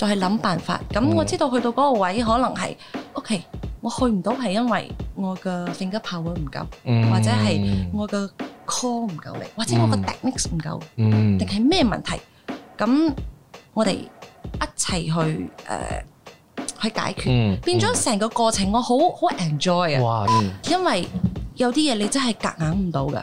就係諗辦法，咁我知道去到嗰個位可能係、嗯、，OK，我去唔到係因為我嘅性格炮位唔夠，嗯、或者係我嘅 call 唔夠力，嗯、或者我嘅 technics 唔夠、嗯，定係咩問題？咁我哋一齊去誒、呃、去解決，嗯、變咗成個過程我好好 enjoy 啊，哇嗯、因為有啲嘢你真係夾硬唔到嘅，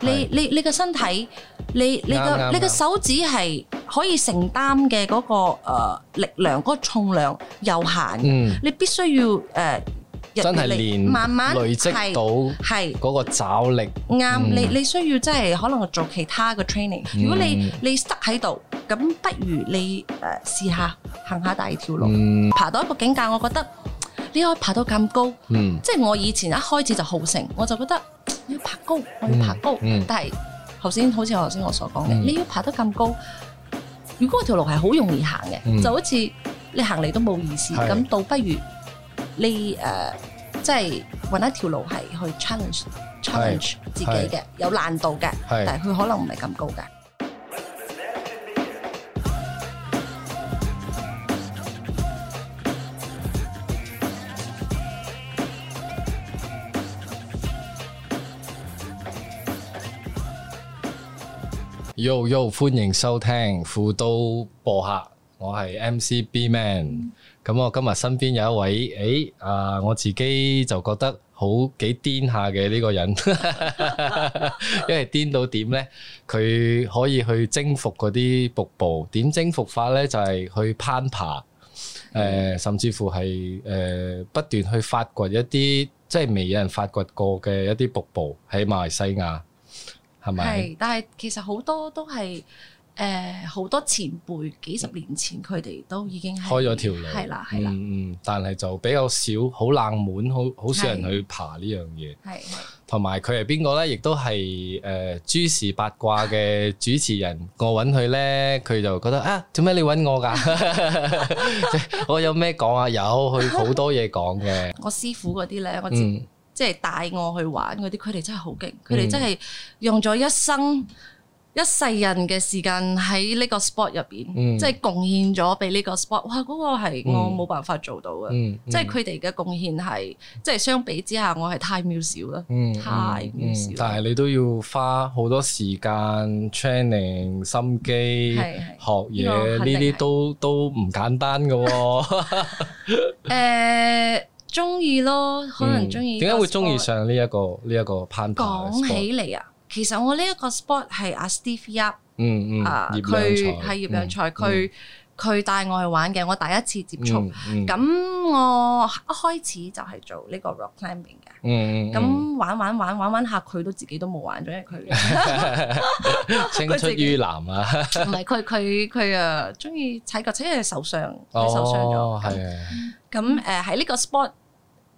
你你你個身體，你你個你個手指係。可以承擔嘅嗰個誒力量、嗰個重量有限，你必須要誒真係練，慢慢累積到係嗰個爪力。啱，你你需要即係可能做其他嘅 training。如果你你塞喺度，咁不如你誒試下行下第二條路，爬到一個境界，我覺得你可以爬到咁高。即係我以前一開始就號成，我就覺得要爬高，我要爬高。但係頭先好似我頭先我所講嘅，你要爬得咁高。如果條路係好容易行嘅，嗯、就好似你行嚟都冇意思，咁是倒不如你誒，uh, 即係揾一條路係去 challenge challenge 是自己嘅，是有難度嘅，是但係佢可能唔係咁高嘅。Yo Yo，歡迎收聽富都播客，我係 M C B Man、嗯。咁我、嗯、今日身邊有一位誒，啊、哎呃，我自己就覺得好幾癲下嘅呢個人， 因為癲到點呢？佢可以去征服嗰啲瀑布。點征服法呢？就係、是、去攀爬，誒、呃，甚至乎係誒、呃、不斷去發掘一啲即係未有人發掘過嘅一啲瀑布喺馬來西亞。係咪？係，但係其實好多都係誒，好、呃、多前輩幾十年前佢哋都已經開咗條路，係啦，係啦嗯。嗯，但係就比較少，好冷門，好好少人去爬呢樣嘢。係，同埋佢係邊個咧？亦都係誒，諸事八卦嘅主持人。 我揾佢咧，佢就覺得啊，做咩你揾我噶？ 我有咩講啊？有，佢好多嘢講嘅。我師傅嗰啲咧，我知。即係帶我去玩嗰啲，佢哋真係好勁，佢哋真係用咗一生一世人嘅時間喺呢個 sport 入邊，嗯、即係貢獻咗俾呢個 sport。哇！嗰、嗰個係我冇辦法做到嘅、嗯嗯，即係佢哋嘅貢獻係，即係相比之下我係太渺小啦，太渺小。嗯嗯嗯嗯、但係你都要花好多時間 training 心機，嗯、學嘢呢啲都都唔簡單㗎喎、哦。 呃中意咯，可能中意。點解會中意上呢一個呢一個攀爬？講起嚟啊，其實我呢一個 sport 係阿 Steve Yup，嗯嗯，啊佢係葉良才，佢佢帶我去玩嘅，我第一次接觸。咁我一開始就係做呢個 rock climbing 嘅。嗯，咁玩玩玩玩玩下，佢都自己都冇玩咗，因為佢青出於藍啊。唔係，佢佢佢啊，中意踩腳車，佢受傷，佢受傷咗。係。咁誒喺呢個 sport。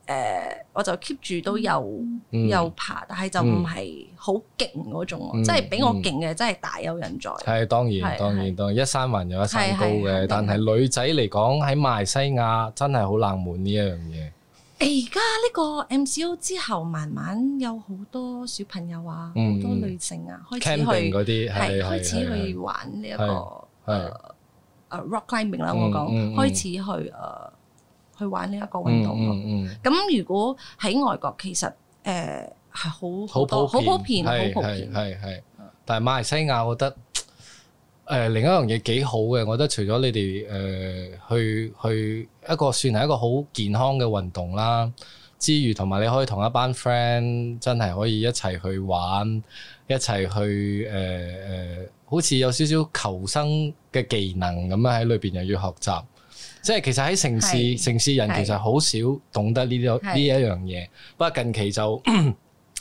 誒，我就 keep 住都有有爬，但係就唔係好勁嗰種，即係比我勁嘅，真係大有人在。係當然，當然，當然一山還有一山高嘅。但係女仔嚟講喺馬來西亞真係好冷門呢一樣嘢。而家呢個 MCO，之後慢慢有好多小朋友啊，好多女性啊，開始去啲係開始去玩呢一個誒 rock climbing 啦。我講開始去誒。去玩呢一個運動咯。咁、嗯嗯、如果喺外國，其實誒係好好多好普遍，好普遍，係係係。但係馬來西亞，我覺得誒、呃、另一樣嘢幾好嘅。我覺得除咗你哋誒、呃、去去，去一個算係一個好健康嘅運動啦，之餘同埋你可以同一班 friend 真係可以一齊去玩，一齊去誒誒、呃呃，好似有少少求生嘅技能咁樣喺裏邊又要學習。即係其實喺城市，是城市人其實好少懂得呢一呢一樣嘢。不過近期就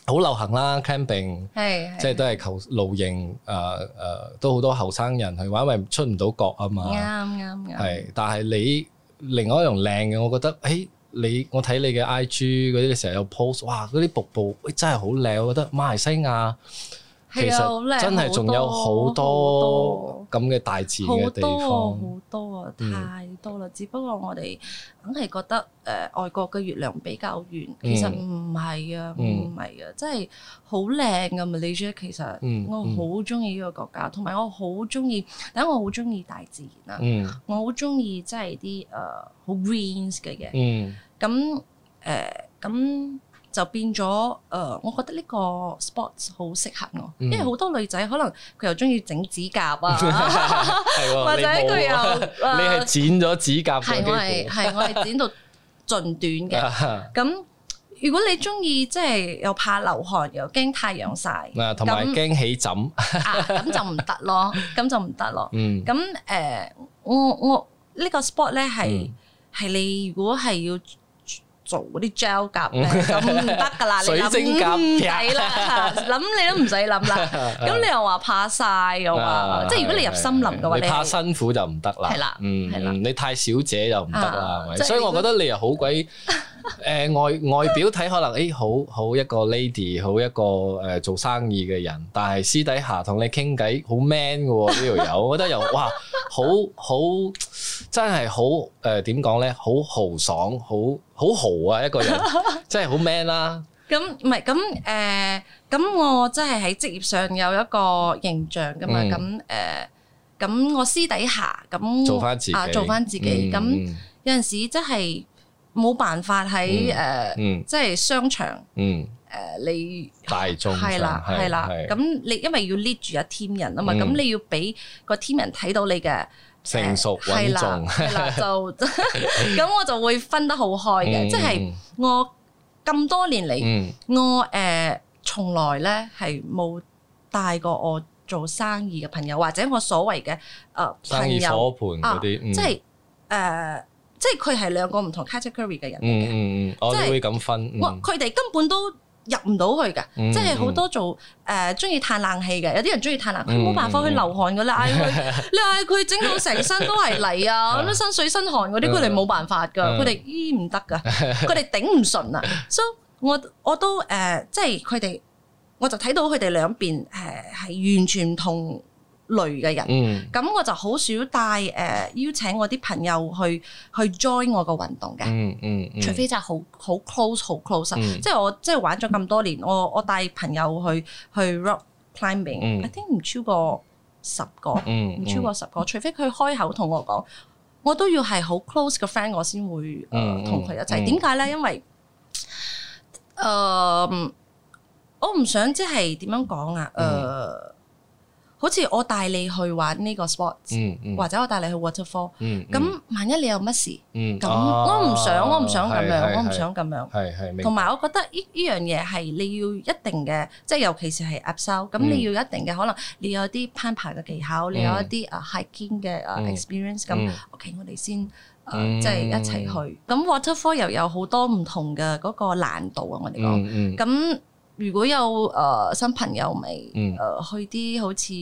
好 流行啦，camping，是是即係都係求露營。誒誒、呃呃，都好多後生人去玩，因為出唔到國啊嘛。啱啱啱。係、嗯嗯，但係你另外一樣靚嘅，我覺得，誒、欸，你我睇你嘅 IG 嗰啲成日有 post，哇，嗰啲瀑布，喂、欸，真係好靚，我覺得馬來西亞。其實真係仲有好多咁嘅大自然好多好多啊，太多啦！嗯、只不過我哋梗係覺得誒外國嘅月亮比較圓，其實唔係啊，唔係、嗯、啊，真係好靚啊你 a l a 其實我好中意呢個國家，同埋我好中意，等我好中意大自然啊。嗯、我好中意即係啲誒好 greens 嘅嘢咁誒咁。呃就變咗誒、呃，我覺得呢個 sports 好適合我，嗯、因為好多女仔可能佢又中意整指甲啊， 的或者佢又、呃、你係剪咗指甲？係我係我係剪到盡短嘅。咁 如果你中意，即、就、係、是、又怕流汗，又驚太陽曬，同埋驚起枕那 啊，咁就唔得咯，咁就唔得咯。嗯，咁誒、呃，我我呢、呢個 sport 咧係係你如果係要。做嗰啲 gel 夾咁唔得㗎喇，水晶夾唔使啦，諗你都唔使諗啦。咁你又話怕晒嘅話， 即係如果你入森林嘅話，你怕辛苦就唔得啦。係啦，嗯，你太小姐就唔得啦，所以我覺得你又好鬼。 誒、 呃，外外表睇可能誒、欸，好好一個 lady，好一個誒、呃、做生意嘅人，但係私底下同你傾偈好 man 嘅呢條友，我覺得又哇，好好真係好誒，點講咧？好豪爽，好好豪啊！一個人真係好 man 啦。咁唔係咁誒，咁我真係喺職業上有一個形象噶嘛。咁誒，咁我私底下咁、嗯、做翻自己，啊、做翻自己。咁、嗯、有陣時真係。冇辦法喺，誒，即係商場，誒你大眾係啦，係啦。咁你因為要 lead 住一 team 人啊嘛，咁你要俾個 team 人睇到你嘅成熟穩重，係啦，就咁我就會分得好開嘅。即係我咁多年嚟，我誒從來咧係冇帶過我做生意嘅朋友，或者我所謂嘅誒生意夥伴嗰啲，即係誒。即係佢係兩個唔同 category 嘅人嘅，即係會咁分。佢哋根本都入唔到去噶，即係好多做誒中意嘆冷氣嘅，有啲人中意嘆冷氣，冇辦法去流汗噶啦。嗌佢，你嗌佢整到成身都係泥啊，咁樣身水身汗嗰啲，佢哋冇辦法噶，佢哋醫唔得噶，佢哋頂唔順啊。所以，我我都誒，即係佢哋，我就睇到佢哋兩邊誒係完全唔同。累嘅人，咁我就好少帶誒、呃、邀請我啲朋友去去 join 我個運動嘅，嗯嗯、除非就係好好 close 好 close，嗯、即係我即係玩咗咁多年，我我帶朋友去去 rock climbing，I、嗯、think 唔超過十個，唔超過十個，嗯、除非佢開口同我講，我都要係好 close 嘅 friend，我先會同佢、呃、一齊。點解、嗯嗯、呢？因為誒、呃，我唔想即係點樣講啊，誒、呃。嗯好似我帶你去玩呢個 sports，或者我帶你去 waterfall。咁萬一你有乜事，咁我唔想，我唔想咁樣，我唔想咁樣。係係。同埋我覺得呢呢樣嘢係你要一定嘅，即係尤其是係 abseil。咁你要一定嘅，可能你有啲攀爬嘅技巧，你有一啲啊 hiking 嘅 experience。咁 OK，我哋先誒，即係一齊去。咁 waterfall 又有好多唔同嘅嗰個難度啊！我哋講咁。如果有誒新朋友咪誒去啲好似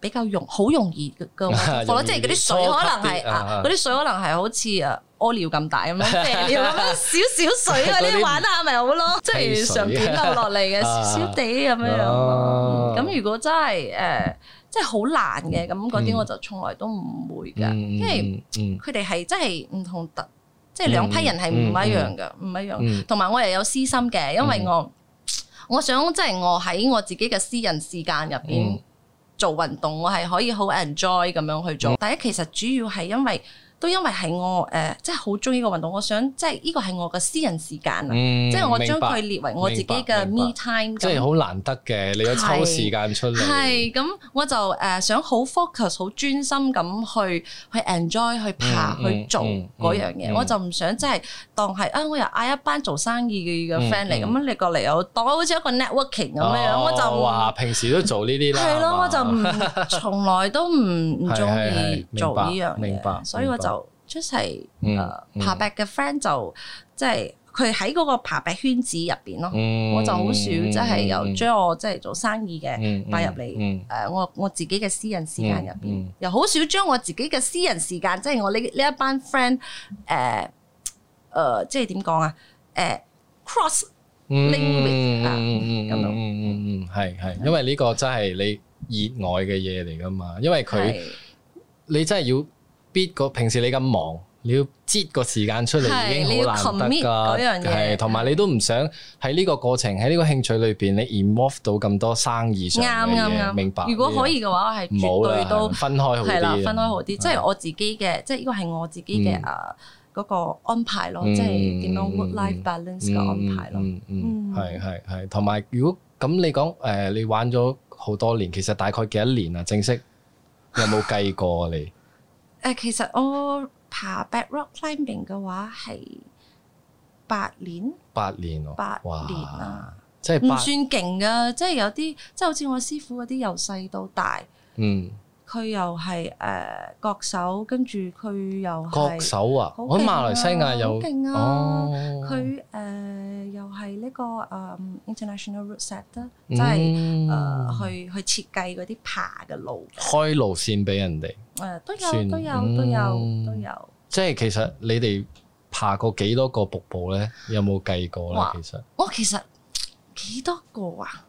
比較容好容易嘅玩法，即係嗰啲水可能係啊，啲水可能係好似誒屙尿咁大咁樣，少少水嗰啲玩下咪好咯。即係順便落落嚟嘅少少地咁樣樣。咁如果真係誒，即係好難嘅，咁嗰啲我就從來都唔會㗎，因為佢哋係真係唔同特，即係兩批人係唔一樣嘅，唔一樣。同埋我又有私心嘅，因為我。我想即係我喺我自己嘅私人時間入邊做運動，我係可以好 enjoy 咁樣去做。但係其實主要係因為。都因為係我誒即係好中意個運動，我想即係呢個係我嘅私人時間啊！即係我將佢列為我自己嘅 me time。即係好難得嘅，你要抽時間出嚟。係咁，我就誒想好 focus、好專心咁去去 enjoy、去爬去做樣嘢。我就唔想即係當係啊！我又嗌一班做生意嘅嘅 friend 嚟咁樣你過嚟，又當好似一個 networking 咁樣樣。我就哇平時都做呢啲啦，係咯，我就唔從來都唔唔中意做呢樣嘢，明白。所以我就。出齊誒爬壁嘅 friend 就即係佢喺嗰個爬壁圈子入邊咯，我就好少即係又將我即係做生意嘅帶入嚟誒我我自己嘅私人時間入邊，又好少將我自己嘅私人時間即係我呢呢一班 friend 誒誒即係點講啊？誒 cross language 啊，嗯嗯嗯嗯嗯，係係，因為呢個真係你熱愛嘅嘢嚟噶嘛，因為佢你真係要。必個平時你咁忙，你要擠個時間出嚟已經好難得㗎。係，同埋你都唔想喺呢個過程喺呢個興趣裏邊，你 involve 到咁多生意上嘅，啱，明白。如果可以嘅話，我係絕對都分開好。係分開好啲。即係我自己嘅，即係呢個係我自己嘅啊嗰個安排咯。即係點樣 work-life balance 嘅安排咯。嗯，係係係。同埋如果咁你講誒，你玩咗好多年，其實大概幾多年啊？正式有冇計過你？誒，其實我爬 back rock climbing 嘅話係八年，八年哦、喔，八年啊，哇即係唔算勁㗎，即係有啲，即係好似我師傅嗰啲，由細到大，嗯。佢又係誒國手，跟住佢又係國手啊！喺馬來西亞有勁哦，佢誒又係呢個誒 international route setter，即係誒去去設計嗰啲爬嘅路，開路線俾人哋。誒都有都有都有都有。即係其實你哋爬過幾多個瀑布咧？有冇計過咧？其實我其實幾多個啊？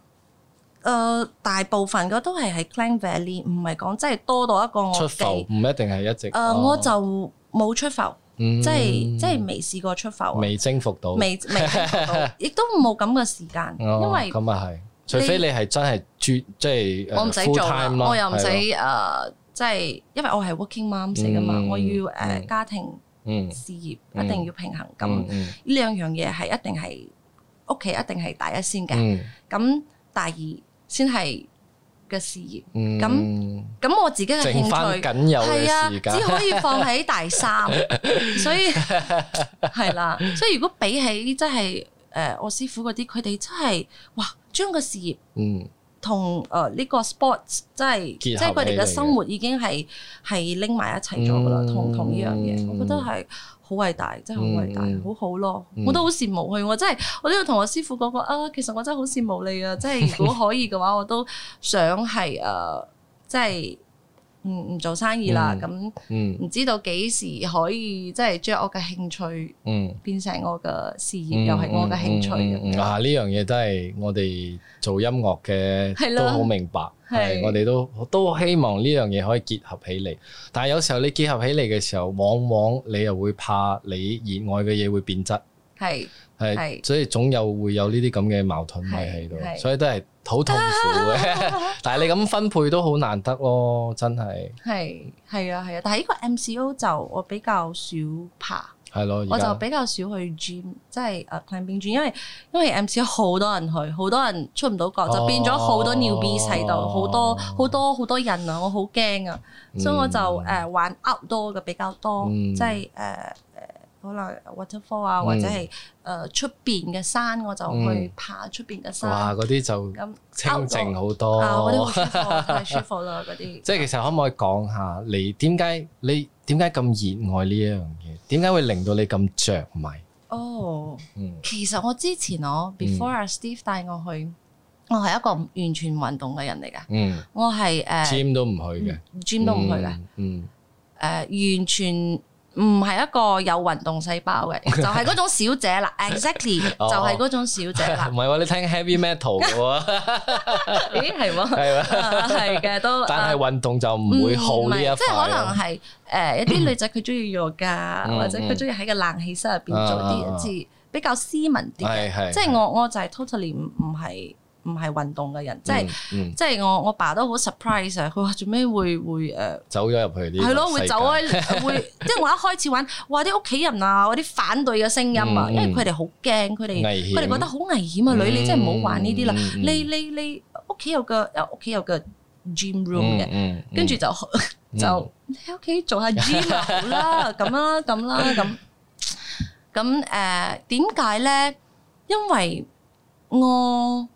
誒，大部分嘅都係喺 Clan Valley，唔係講即係多到一個我，出埠唔一定係一直。誒，我就冇出埠，即係即係未試過出埠。未征服到，未未征服到，亦都冇咁嘅時間。哦，因為咁啊係，除非你係真係專，即係我唔使做啦，我又唔使誒，即係因為我係 working mom 嚟噶嘛，我要誒家庭嗯事業一定要平衡，咁呢兩樣嘢係一定係屋企一定係第一先嘅，咁第二。先係嘅事業，咁咁、嗯、我自己嘅興趣係啊，只可以放喺大三， 所以係啦、啊。所以如果比起真、就、係、是，誒、呃、我師傅嗰啲，佢哋真係哇，將個事業嗯同誒呢個 sports 真、就、係、是，即係佢哋嘅生活已經係係拎埋一齊咗噶啦，同同呢樣嘢，我覺得係。好偉大，真係好偉大，嗯、好好咯！嗯、我都好羨慕佢，我真係我都有同我師傅講過啊！其實我真係好羨慕你啊！即係如果可以嘅話，我都想係誒，即、啊、係。真唔唔、嗯、做生意啦，咁唔、嗯嗯嗯、知道幾時可以即係將我嘅興趣變成我嘅事業，嗯、又係我嘅興趣。啊！呢樣嘢都係我哋做音樂嘅都好明白，係、係、係、我哋都都希望呢樣嘢可以結合起嚟。但係有時候你結合起嚟嘅時候，往往你又會怕你熱愛嘅嘢會變質。係。係，所以總有會有呢啲咁嘅矛盾咪喺度，所以都係好痛苦嘅。啊、 但係你咁分配都好難得咯，真係。係係啊係啊，但係呢個 MCO 就我比較少爬，係咯、啊，我就比較少去 gym, gym，即係誒 climbing gym，因為因為 MCO 好多人去，好多人出唔到國，哦、就變咗好多 newbies 喺度，好多好多好多人啊，我好驚啊，所以我就誒、uh, 玩 outdoor 嘅比較多，即係誒可能 waterfall 啊，或者係誒出邊嘅山，我就去爬出邊嘅山。哇！嗰啲就清靜好多，太舒服啦！嗰啲。即係其實可唔可以講下你點解你點解咁熱愛呢一樣嘢？點解會令到你咁著迷？哦，其實我之前我 before 啊，Steve 帶我去，我係一個完全運動嘅人嚟㗎。嗯，我係誒。gym 都唔去嘅，gym 都唔去嘅。嗯，誒完全。唔係一個有運動細胞嘅， 就係嗰種小姐啦，exactly 就係嗰種小姐啦。唔係喎，你聽 heavy metal 嘅喎？咦、 啊，係喎，係嘅，都。但係運動就唔會好，唔係啊，即係可能係誒、 呃、一啲女仔佢中意弱㗎，或者佢中意喺個冷氣室入邊做啲字 比較斯文啲嘅。即係 我我就係 totally 唔唔係。唔係運動嘅人，即係即係我我爸都好 surprise 啊！佢話做咩會會誒走咗入去啲係咯，會走啊，會即係我一開始玩，哇啲屋企人啊，我啲反對嘅聲音啊，因為佢哋好驚，佢哋佢哋覺得好危險啊！女，你真係唔好玩呢啲啦！你你你屋企有個屋企有個 gym room 嘅，跟住就就喺屋企做下 gym 啦，咁啦，咁啦，咁咁誒，點解咧？因為我。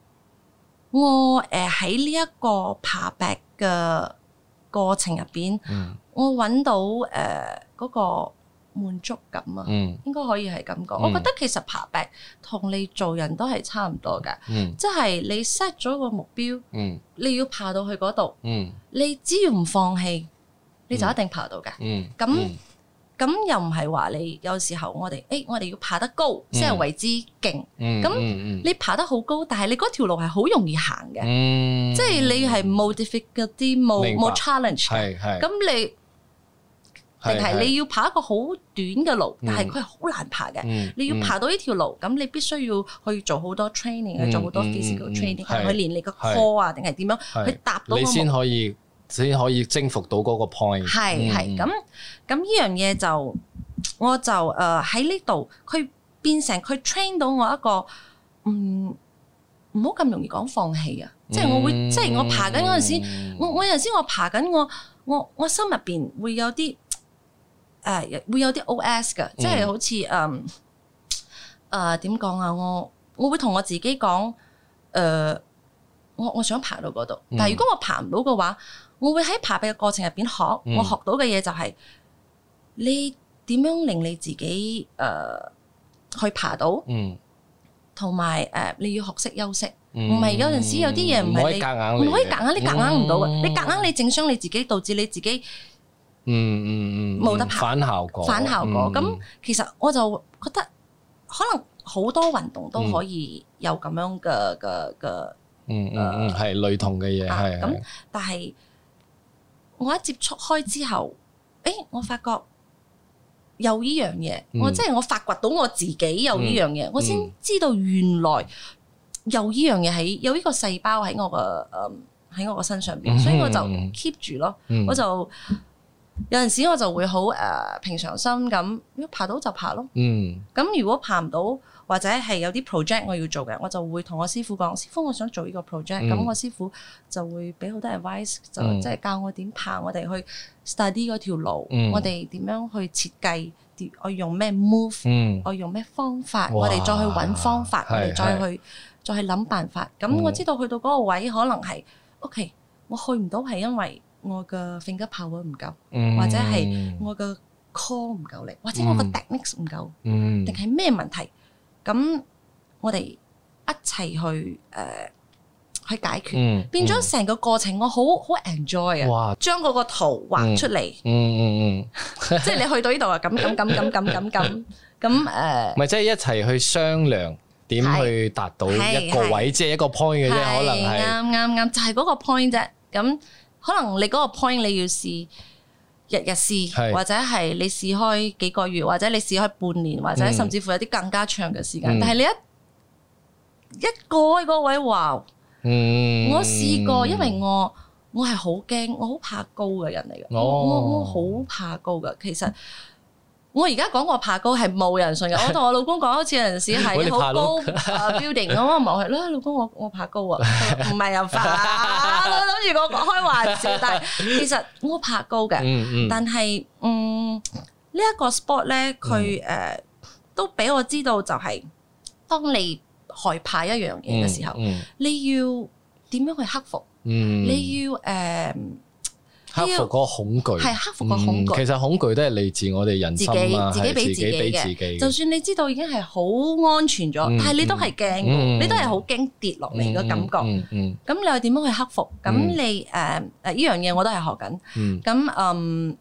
我誒喺呢一個爬壁嘅過程入邊，嗯、我揾到誒嗰、呃嗰個滿足感啊，嗯、應該可以係咁講。嗯、我覺得其實爬壁同你做人都係差唔多嘅，即係、嗯、你 set 咗個目標，嗯、你要爬到去嗰度，嗯、你只要唔放棄，你就一定爬到嘅。咁咁又唔係話你有時候我哋，誒我哋要爬得高，先係為之勁。咁你爬得好高，但係你嗰條路係好容易行嘅，即係你係 more difficult 嗰啲冇冇 challenge 嘅。咁你定係你要爬一個好短嘅路，但係佢係好難爬嘅。你要爬到呢條路，咁你必須要去做好多 training，去做好多 physical training，去練你個 core 啊，定係點樣去搭到你先可以。先可以征服到嗰個 point。係係咁咁呢樣嘢就我就誒喺呢度，佢、呃、變成佢 train 到我一個唔唔好咁容易講放棄啊！嗯、即係我會，即係我爬緊嗰陣時、嗯我，我有陣時我爬緊，我我我心入邊會有啲誒、呃、會有啲 OS 嘅，即係、嗯、好似誒誒點講啊？我我會同我自己講誒、呃、我我想爬到嗰度，但係如果我爬唔到嘅話。我會喺爬背嘅過程入邊學，我學到嘅嘢就係你點樣令你自己誒去爬到，同埋誒你要學識休息，唔係有陣時有啲嘢唔係你唔可以夾硬，你夾硬唔到嘅，你夾硬你整傷你自己，導致你自己，嗯嗯嗯，冇得爬，反效果，反效果。咁其實我就覺得可能好多運動都可以有咁樣嘅嘅嘅，嗯嗯嗯，係類同嘅嘢係，咁但係。我一接觸開之後，誒、欸，我發覺有依樣嘢，嗯、我即係我發掘到我自己有依樣嘢，嗯嗯、我先知道原來有依樣嘢喺有依個細胞喺我個誒喺我個身上邊，所以我就 keep 住咯，嗯嗯、我就有陣時我就會好誒、uh，平常心咁，如果爬到就爬咯，咁、嗯、如果爬唔到。或者係有啲 project 我要做嘅，我就會同我師傅講，師傅我想做呢個 project，咁我師傅就會俾好多 advice 就即係教我點拍，我哋去 study 嗰條路，我哋點樣去設計，我用咩 move，我用咩方法，我哋再去揾方法，我哋再去再去諗辦法。咁我知道去到嗰個位，可能係 OK，我去唔到係因為我嘅 finger power 唔夠，或者係我嘅 call 唔夠力，或者我嘅 technics 唔夠，定係咩問題？咁我哋一齊去誒、呃、去解決，嗯、變咗成個過程我，我好好 enjoy 啊哇！將嗰個圖畫出嚟、嗯，嗯嗯嗯，即、嗯、係 你去到呢度啊，咁咁咁咁咁咁咁咁誒，咪即係一齊去商量點去達到一個位，即係一個 point 嘅，啫是，可能係啱啱啱，就係、是、嗰個 point 啫。咁可能你嗰個 point 你要試。日日試，是或者係你試開幾個月，或者你試開半年，或者甚至乎有啲更加長嘅時間。嗯、但係你一一個,一個位話，wow, 嗯、我試過，因為我我係好驚，我好怕,怕高嘅人嚟嘅、哦，我我好怕高嘅。其實我而家講我怕高係冇人信嘅。我同我老公講好似有陣時係好高 building 咁，我話係啦，老公我我怕高，我唔係又發我講開玩笑，但係其實我怕高嘅。嗯嗯、但係嗯、這個、呢一個 sport 咧，佢誒、嗯呃、都俾我知道、就是，就係當你害怕一樣嘢嘅時候，嗯嗯、你要點樣去克服？嗯、你要誒。呃克服嗰個恐懼，係克服個恐懼。其實恐懼都係嚟自我哋人心啊，係自己俾自己嘅。就算你知道已經係好安全咗，嗯嗯、但係你都係驚、嗯、你都係好驚跌落嚟個感覺。咁、嗯嗯嗯、你又點樣去克服？咁你誒誒呢樣嘢我都係學緊。咁嗯，你、uh, 啊嗯 um，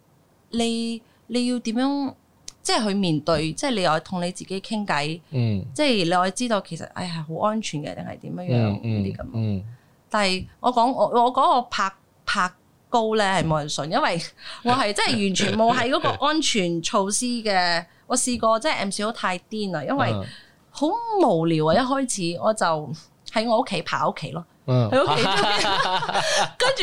你，你要點樣即係去面對？即係你又同你自己傾偈。即係、嗯、你又知道其實哎呀好安全嘅定係點樣樣啲咁。但係我講我我講我拍拍。拍高咧，係冇人信，因為我係真係完全冇喺嗰個安全措施嘅。 我試過即係 M 小太癲啦，因為好無聊啊！一開始我就喺我屋企爬屋企咯。喺屋企度，跟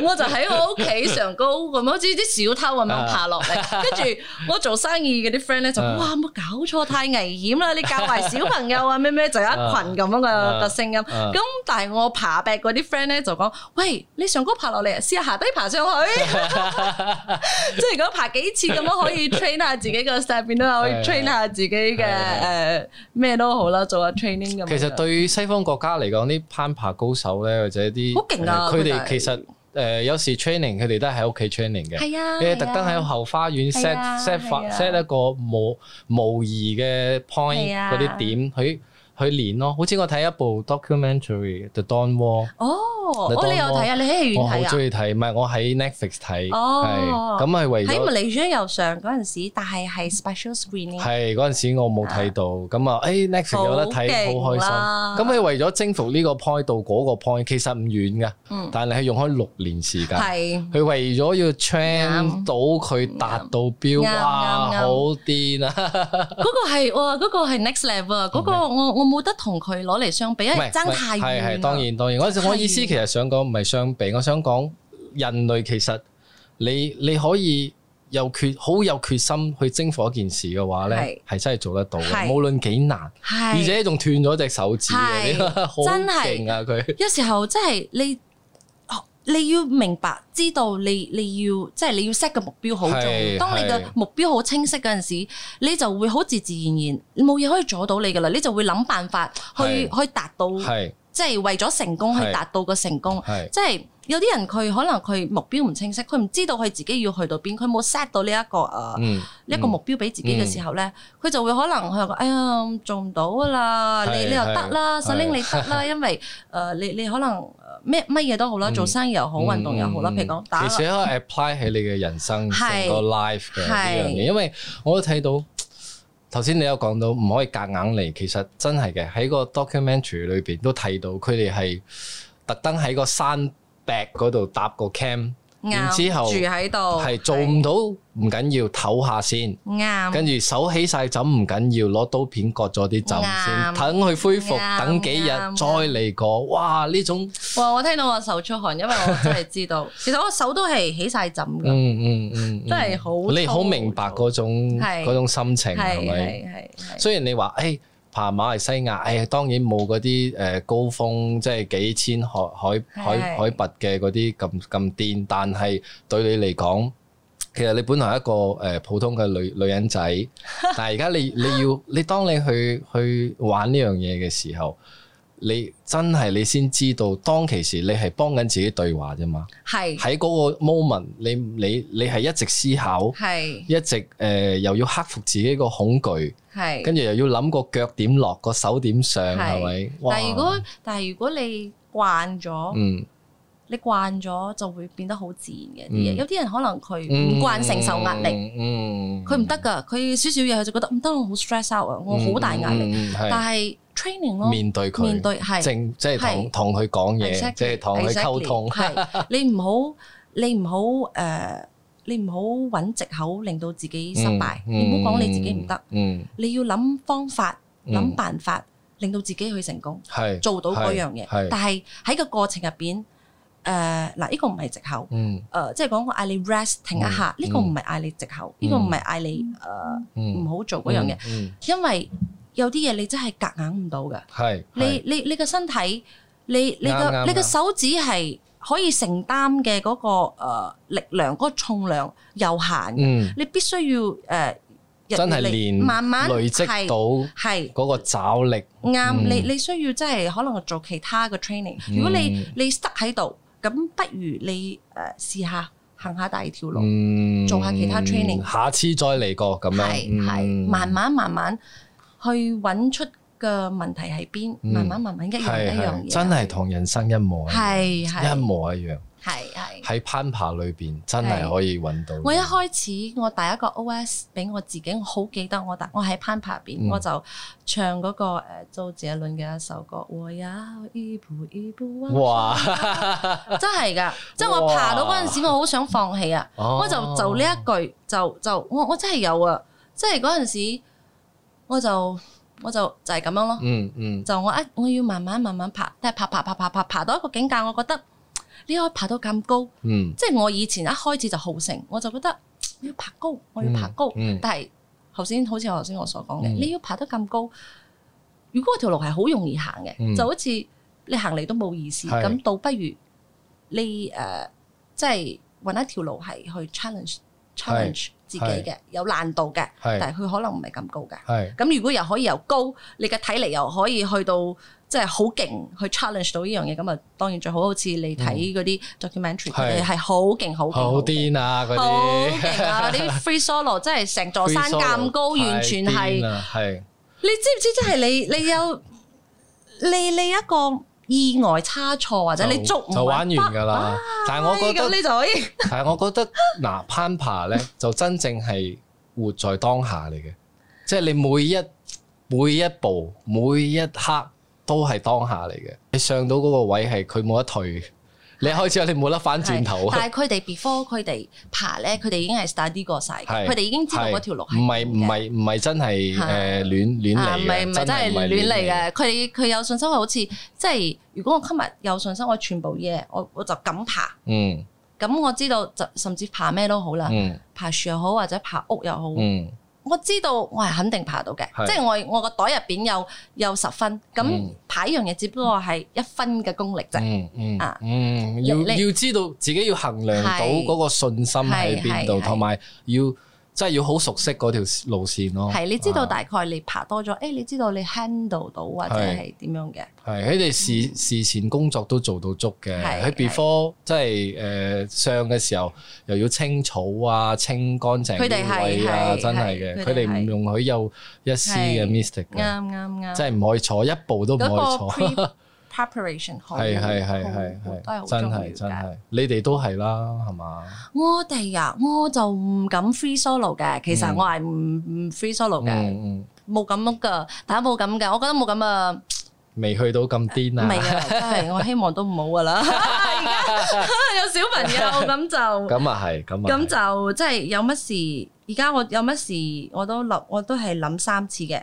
住我就喺我屋企上高咁，好似啲小偷咁樣爬落嚟。跟住我做生意啲 friend 咧就：哇，冇搞錯，太危險啦！你教壞小朋友啊，咩咩就有一群咁樣嘅特性音。咁、啊啊、但係我爬壁嗰啲 friend 咧就講：喂，你上高爬落嚟，試下下低爬上去， 即係如果爬幾次咁樣可以 train 下自己個 step 邊啦，可以 train 下自己嘅誒咩都好啦，做下 training 咁。其實對西方國家嚟講，啲攀爬高。手咧或者一啲，佢哋、啊呃、其實誒、呃、有時 training，佢哋都喺屋企 training 嘅，係你特登喺後花園 set set set 一個模模擬嘅 point 嗰啲、啊、點佢。佢練咯，好似我睇一部 documentary《The Dawn Wall》。哦，哦，你有睇啊？你喺戲院睇啊？我好鍾意睇，唔係我喺 Netflix 睇。哦，咁係為咗喺馬來西亞有上嗰陣時，但係係 special screening。係嗰陣時我冇睇到，咁啊，哎，Netflix 有得睇，好開心。咁係為咗征服呢個 point 到嗰個 point，其實唔遠㗎，但係係用開六年時間。係佢為咗要 train 到佢達到標，哇，好癲啊！嗰個係哦，嗰個係 next level，嗰個我我冇得同佢攞嚟相比，因為爭太遠咯。係係，當然當然，我意思其實想講唔係相比，是我想講人類其實你你可以有決好有決心去征服一件事嘅話咧，係是真係做得到嘅，是無論幾難，是而且仲斷咗隻手指，真係勁啊！佢有時候真係你。你要明白，知道你你要即係你要 set 個目標好重要。是當你嘅目標好清晰嗰陣時，是你就會好自自然然，冇嘢可以阻到你噶啦。你就會諗辦法去是去達到，是即係為咗成功去達到個成功，即係。有啲人佢可能佢目標唔清晰，佢唔知道佢自己要去到邊、這個，佢冇 set 到呢一個誒呢一個目標俾自己嘅時候咧，佢、嗯嗯、就會可能佢話哎呀做唔到啦，是你你又得啦 Selina 是你得啦，是因為誒、呃、你你可能咩乜嘢都好啦，做生意又好，運動又好啦，譬、嗯嗯、如講打其實可以 apply 喺你嘅人生是個 life 嘅呢樣嘢，因為我都睇到頭先你有講到唔可以夾硬嚟，其實真係嘅喺個 documentary 裏邊都睇到佢哋係特登喺個山。石嗰度搭個 cam，然之後住喺度，係做唔到唔緊要，唞下先。啱，跟住手起晒枕，唔緊要，攞刀片割咗啲枕先，等佢恢復，等幾日再嚟過。哇！呢種哇，我聽到我手出汗，因為我真係知道，其實我手都係起晒枕㗎。嗯嗯嗯，真係好，你好明白嗰種，種心情係咪？係係。雖然你話誒。爬馬來西亞，誒、哎、當然冇嗰啲誒高峰，即係幾千海海海的海拔嘅嗰啲咁咁癲，但係對你嚟講，其實你本來係一個誒、呃、普通嘅女女人仔，但係而家你你要你當你去去玩呢樣嘢嘅時候。你真係你先知道，當其時你係幫緊自己對話啫嘛。係喺嗰個 moment，你你你係一直思考，係一直誒又要克服自己個恐懼，係跟住又要諗個腳點落，個手點上係咪？但係如果但係如果你慣咗，你慣咗就會變得好自然嘅啲嘢。有啲人可能佢唔慣承受壓力，嗯，佢唔得㗎，佢少少嘢佢就覺得唔得，我好 stress out 啊，我好大壓力，但係。training 咯，面對佢，面對係，正即係同同佢講嘢，即係同佢溝通。係你唔好，你唔好誒，你唔好揾藉口令到自己失敗。你唔好講你自己唔得。嗯，你要諗方法，諗辦法，令到自己去成功，係做到嗰樣嘢。但係喺個過程入邊，誒嗱，呢個唔係藉口。嗯。誒，即係講我嗌你 rest 停一下，呢個唔係嗌你藉口，呢個唔係嗌你誒唔好做嗰樣嘢。嗯，因為。有啲嘢你真係夾硬唔到嘅，你你你個身體，你你個你個手指係可以承擔嘅嗰個誒力量，嗰個重量有限，你必須要誒真係練慢慢累積到係嗰個爪力。啱，你你需要真係可能做其他嘅 training。如果你你塞喺度，咁不如你誒試下行下第二條路，做下其他 training，下次再嚟過咁樣，係，慢慢慢慢。去揾出嘅問題喺邊？慢慢慢慢一樣一樣、嗯、真係同人生一模，係係一模一樣，係係喺攀爬裏邊真係可以揾到係係。我一開始我第一個 OS 俾我自己，我好記得我搭我喺攀爬入邊，我就唱嗰個誒周杰倫嘅一首歌，我一步一步往上。哇！ 真係噶，即係我爬到嗰陣時，哇我好想放棄啊、哦！我就就呢一句就就我我真係有啊！即係嗰陣時。我就我就就係咁樣咯，嗯嗯、就我一我要慢慢慢慢爬，但係爬爬爬爬爬爬，爬，爬，爬，爬到一個境界，我覺得你可以爬到咁高，即係、嗯、我以前一開始就好勝，我就覺得你要爬高，我要爬高。嗯嗯、但係頭先好似我頭先我所講嘅，嗯、你要爬得咁高，如果條路係好容易行嘅，嗯、就好似你行嚟都冇意思，咁、嗯、倒不如你誒，即係揾一條路係去 challenge, challenge challenge。自己嘅有難度嘅，但係佢可能唔係咁高嘅。咁如果又可以由高，你嘅體力又可以去到即係好勁去 challenge 到呢樣嘢，咁啊當然最好好似你睇嗰啲 documentary，係係好勁好勁好癲啊！啲好勁啊！嗰啲 free solo 真係成座山咁高，完全係係。你知唔知即係你你有你你一個？意外差錯，或者你捉就玩完噶啦！啊、但係我覺得呢就可以，啊、但係我覺得嗱 攀爬咧，就真正係活在當下嚟嘅，即係你每一每一步每一刻都係當下嚟嘅。你上到嗰個位係佢冇得退。你開始，你冇得返轉頭。但係佢哋 before 佢哋爬咧，佢哋已經係 study 過曬。佢哋已經知道嗰條路唔係唔係唔係真係誒、呃、亂亂嚟嘅。唔係唔係真係的 亂嚟嘅。佢佢有信心，好似即係如果我今日有信心，我全部嘢我我就敢爬。嗯。咁我知道就甚至爬咩都好啦。嗯、爬樹又好，或者爬屋又好。嗯。我知道我係肯定爬到嘅，是即係我我個袋入邊有有十分，咁爬呢樣嘢只不過係一分嘅功力啫，啊、嗯，嗯，啊、嗯要你要知道自己要衡量到嗰個信心喺邊度，同埋要。真係要好熟悉嗰條路線咯。係，你知道大概你爬多咗，誒是、哎，你知道你 handle 到或者係點樣嘅？係，佢哋事事前工作都做到足嘅。喺 before 即係誒傷嘅時候，又要清草啊、清乾淨啲位啊，真係嘅。佢哋唔容許有一絲嘅 mistake 啱啱啱。即係唔可以錯，一步都唔可以錯。 preparation，係係係係係，真係真係，你哋都係啦係嘛？我哋啊，我就唔敢 free solo 嘅。其實我係唔唔 free solo 嘅，冇咁樣嘅，但家冇咁嘅。我覺得冇咁啊，未去到咁癲啊！未啊，真係我希望都唔好噶啦。而家有小朋友咁就咁啊係咁啊，咁就即係有乜事？而家我有乜事我都諗，我都係諗三次嘅。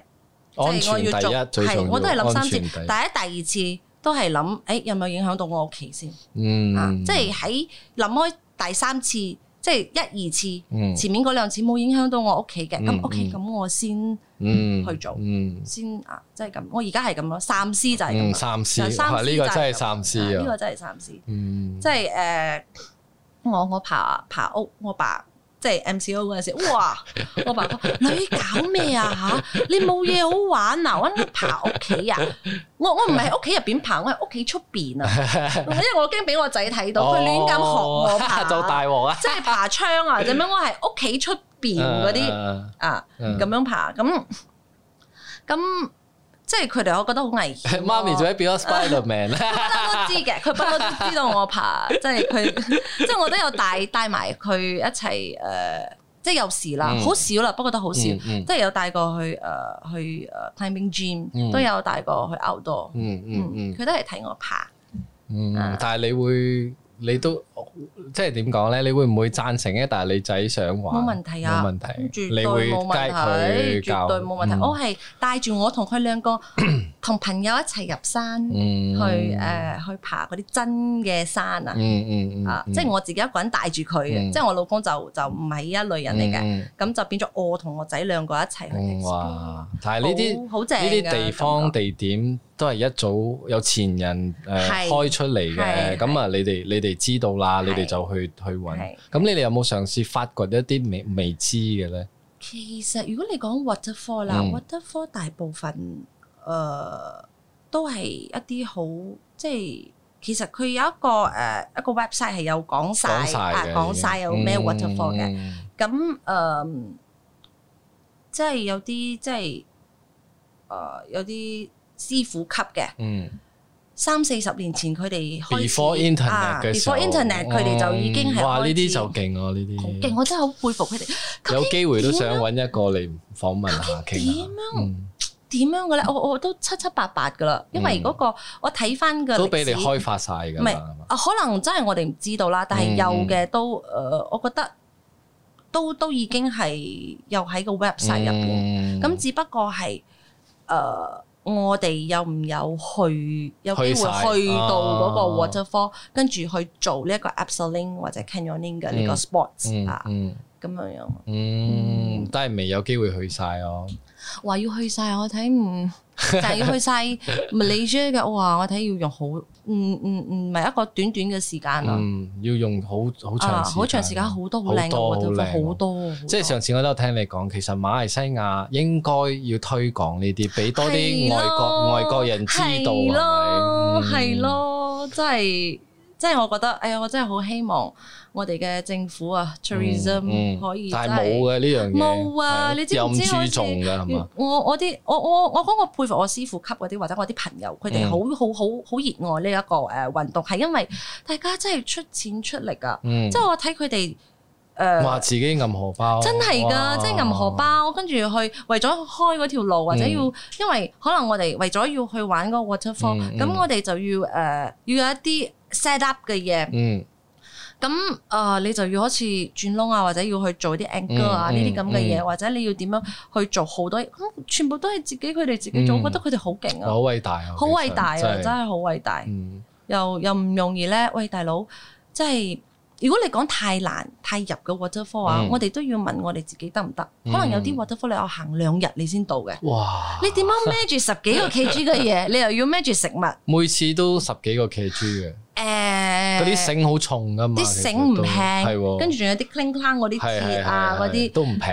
安全第一，最重要。安全第一，第二次。都係諗，誒、欸，有冇影響到我屋企先？嗯，啊，即係喺諗開第三次，即、就、係、是、一二次，嗯、前面嗰兩次冇影響到我屋企嘅，咁屋企咁我先嗯去做，嗯、先啊，即係咁，我而家係咁咯，三思就係咁、嗯，三思，係呢個真係三思啊，呢個真係三思，即係誒，我我爬爬屋，我爸。即係 MCO 嗰陣時，哇！我爸爸、 啊，你搞咩啊嚇？你冇嘢好玩啊？我喺度爬屋企啊！我我唔係喺屋企入邊爬，我係屋企出邊啊！因為我驚俾我仔睇到，佢、哦、亂咁學我爬，做大鑊啊！即係爬窗啊！咁樣我係屋企出邊嗰啲啊咁樣爬，咁咁。即係佢哋，我覺得好危險、哦。媽咪仲喺邊度 Spiderman 咧？佢、 啊、都知嘅，佢不嬲都知道我爬， 即係佢、呃，即係我都有帶帶埋佢一齊誒，即係有時啦，好、嗯、少啦，不過都好少。嗯嗯即係有帶過去誒、呃、去誒 climbing、呃、gym，都有帶過去 outdoor、嗯嗯。嗯嗯嗯，佢都係睇我爬，嗯，但係你會，你都。即係點講咧？你會唔會贊成咧？但係你仔想玩，冇問題啊，冇問題，絕對冇問題，絕對冇問題。我係帶住我同佢兩個同朋友一齊入山去誒，去爬嗰啲真嘅山啊！即係我自己一個人帶住佢嘅。即係我老公就就唔係一類人嚟嘅，咁就變咗我同我仔兩個一齊去。哇！但係呢啲好正，呢啲地方地點都係一早有前人誒開出嚟嘅。咁啊，你哋你哋知道啦。啊！你哋就去去揾，咁你哋有冇嘗試發掘一啲未未知嘅咧？其實如果你講 waterfall 啦，waterfall 大部分誒都係一啲好即係，其實佢有一個誒一個 website 係有講晒啊，講晒有咩 waterfall 嘅，咁誒即係有啲即係誒有啲師傅級嘅，嗯。三四十年前，佢哋 before internet 嘅時候，佢哋 before internet,、哦、就已經係哇，呢啲就勁啊！呢啲好勁，我真係好佩服佢哋。有機會都想揾一個嚟訪問下傾。點樣？點樣嘅咧、嗯？我我都七七八八噶啦，因為嗰、那個我睇翻嘅都俾你開發曬㗎。唔係啊，可能真係我哋唔知道啦。但係有嘅都，誒、嗯呃，我覺得都都已經係又喺個 website 入邊。咁、嗯、只不過係誒。呃我哋有唔有去？有機會去到嗰個 waterfall，、啊、跟住去做呢一個 absoling、e、或者 canyoning 嘅呢個 sports 啊？咁、嗯、樣樣，嗯，但係未有機會去晒、啊。哦。話要去晒，我睇唔～就要去晒唔 a 你 a y s i 嘅哇！我睇要用好，唔唔唔，係一個短短嘅時間啊！嗯，要用好好長，好長時間，好多好靚嘅，好多好多，多多多好，即係上次我都聽你講，其實馬來西亞應該要推廣呢啲，俾多啲外國外國人知道，係咪？係咯，即係即係，我覺得，哎呀，我真係好希望。我哋嘅政府啊，tourism 可以，但係冇嘅呢樣嘢，冇啊！你知唔知我？又唔注重噶，係嘛？我啲我我我講我佩服我師傅級嗰啲或者我啲朋友，佢哋好好好好熱愛呢一個誒運動，係因為大家真係出錢出力啊。即係我睇佢哋誒，話自己揞荷包，真係噶，即係揞荷包，跟住去為咗開嗰條路或者要，因為可能我哋為咗要去玩個 waterfall，咁我哋就要誒要有一啲 set up 嘅嘢。咁啊，你就要好似轉窿啊，或者要去做啲 anchor 啊，呢啲咁嘅嘢，或者你要點樣去做好多，咁全部都係自己，佢哋自己做，覺得佢哋好勁啊！好偉大啊！好偉大啊！真係好偉大，又又唔容易咧。喂，大佬，真係如果你講太難太入嘅 waterfall，我哋都要問我哋自己得唔得？可能有啲 waterfall，你我行兩日你先到嘅。哇！你點樣孭住十幾個 kg 嘅嘢？你又要孭住食物？每次都十幾個 kg 嘅。誒，嗰啲繩好重噶嘛？啲繩唔平，係喎，跟住仲有啲 cling cling 嗰啲鐵啊，嗰啲都唔平，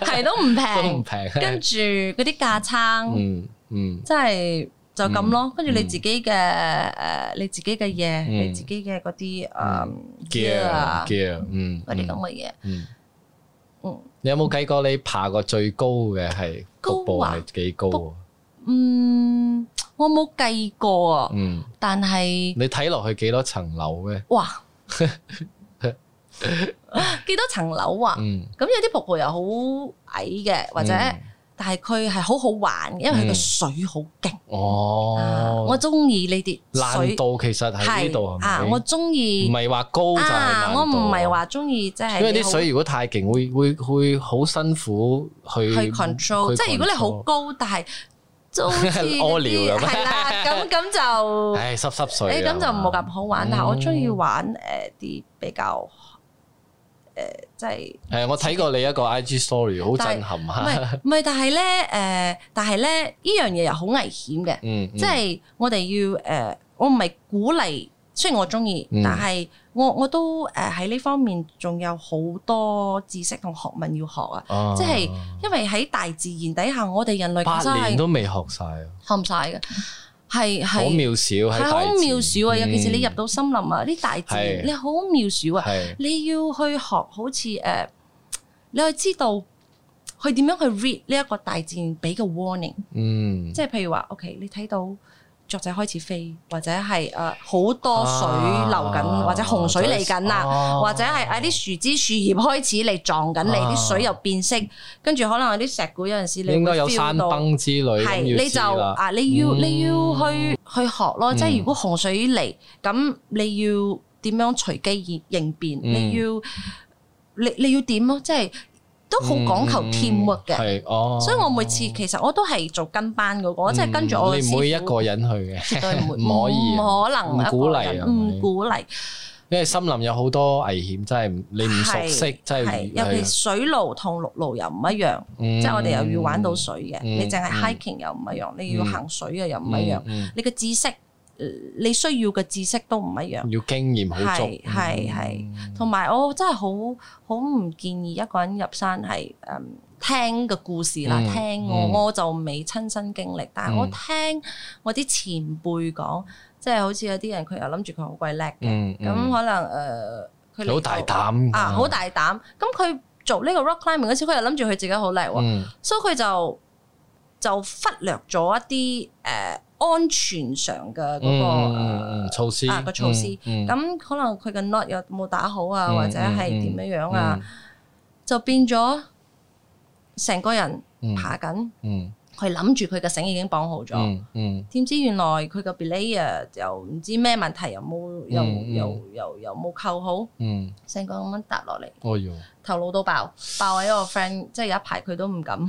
係都唔平，都唔平。跟住嗰啲架撐，嗯嗯，真係就咁咯。跟住你自己嘅誒，你自己嘅嘢，你自己嘅嗰啲誒 g 嗰啲咁嘅嘢，嗯，你有冇計過你爬過最高嘅係瀑布係幾高啊？嗯，我冇計過啊，但係你睇落去幾多層樓嘅？哇，幾多層樓啊？咁有啲瀑布又好矮嘅，或者但係佢係好好玩，因為佢個水好勁。哦，我中意呢啲。難度其實喺呢度啊，我中意唔係話高啊，我唔係話中意即係。因為啲水如果太勁，會會會好辛苦去去 control。即係如果你好高，但係。中意嗰啲係啦，咁咁 就 唉濕濕碎，咁、欸、就冇咁好玩。嗯、但係我中意玩誒啲比較誒即係誒，我睇過你一個 IG story，好震撼啊！唔係，但係咧誒，但係咧呢樣嘢又好危險嘅，即係、嗯嗯、我哋要誒、呃，我唔係鼓勵，雖然我中意，但係。嗯我我都誒喺呢方面仲有好多知識同學問要學啊！即係因為喺大自然底下，我哋人類其實都未學晒啊。學唔晒嘅，係係好渺小，係好渺小啊！尤其是你入到森林啊，啲、嗯、大自然是你好渺小啊！是你要去學好似誒、呃，你去知道去點樣去 read 呢一個大自然俾個 warning，嗯，即係譬如話，OK，你睇到。雀仔開始飛，或者係誒好多水流緊，啊、或者洪水嚟緊啦，啊、或者係喺啲樹枝樹葉開始嚟撞緊，你、啊，啲水又變色，跟住可能有啲石鼓有陣時你應該有山崩之類。係，你就、嗯、啊，你要你要，你要去去學咯，即係如果洪水嚟，咁你要點樣隨機應應變、嗯你？你要你你要點咯？即係。都好講求 teamwork 嘅，所以我每次其實我都係做跟班嗰個，即係跟住我師傅。你唔可以一個人去嘅，絕對係唔可以，唔可能一個人。唔鼓勵，唔鼓勵，因為森林有好多危險，真係你唔熟悉，真係。尤其水路同陸路又唔一樣，即係我哋又要玩到水嘅，你淨係 hiking 又唔一樣，你要行水嘅又唔一樣，你嘅知識。你需要嘅知識都唔一樣，要經驗去做。係係是，同埋、嗯、我真係好好唔建議一個人入山係誒、嗯、聽嘅故事啦，聽我、嗯、我就未親身經歷，但係我聽我啲前輩講，即係好似有啲人佢又諗住佢好鬼叻，嘅、嗯。咁、嗯、可能誒佢好大膽啊，好大膽，咁佢、啊、做呢個 rock climbing 嗰時，佢又諗住佢自己好叻喎，嗯、所以佢就就忽略咗一啲誒。呃安全上嘅嗰、嗰個嗯啊嗰個措施，個措施，咁、嗯、可能佢嘅 knot 又冇打好啊，嗯嗯、或者係點樣樣啊，嗯嗯、就變咗成個人爬緊，佢諗住佢嘅繩已經綁好咗，點、嗯嗯、知原來佢個 belayer 又唔知咩問題又冇又又又又冇扣好，成、嗯、個咁樣搭落嚟，嗯嗯、頭腦都爆爆啊！一個 friend 即係有一排佢都唔敢。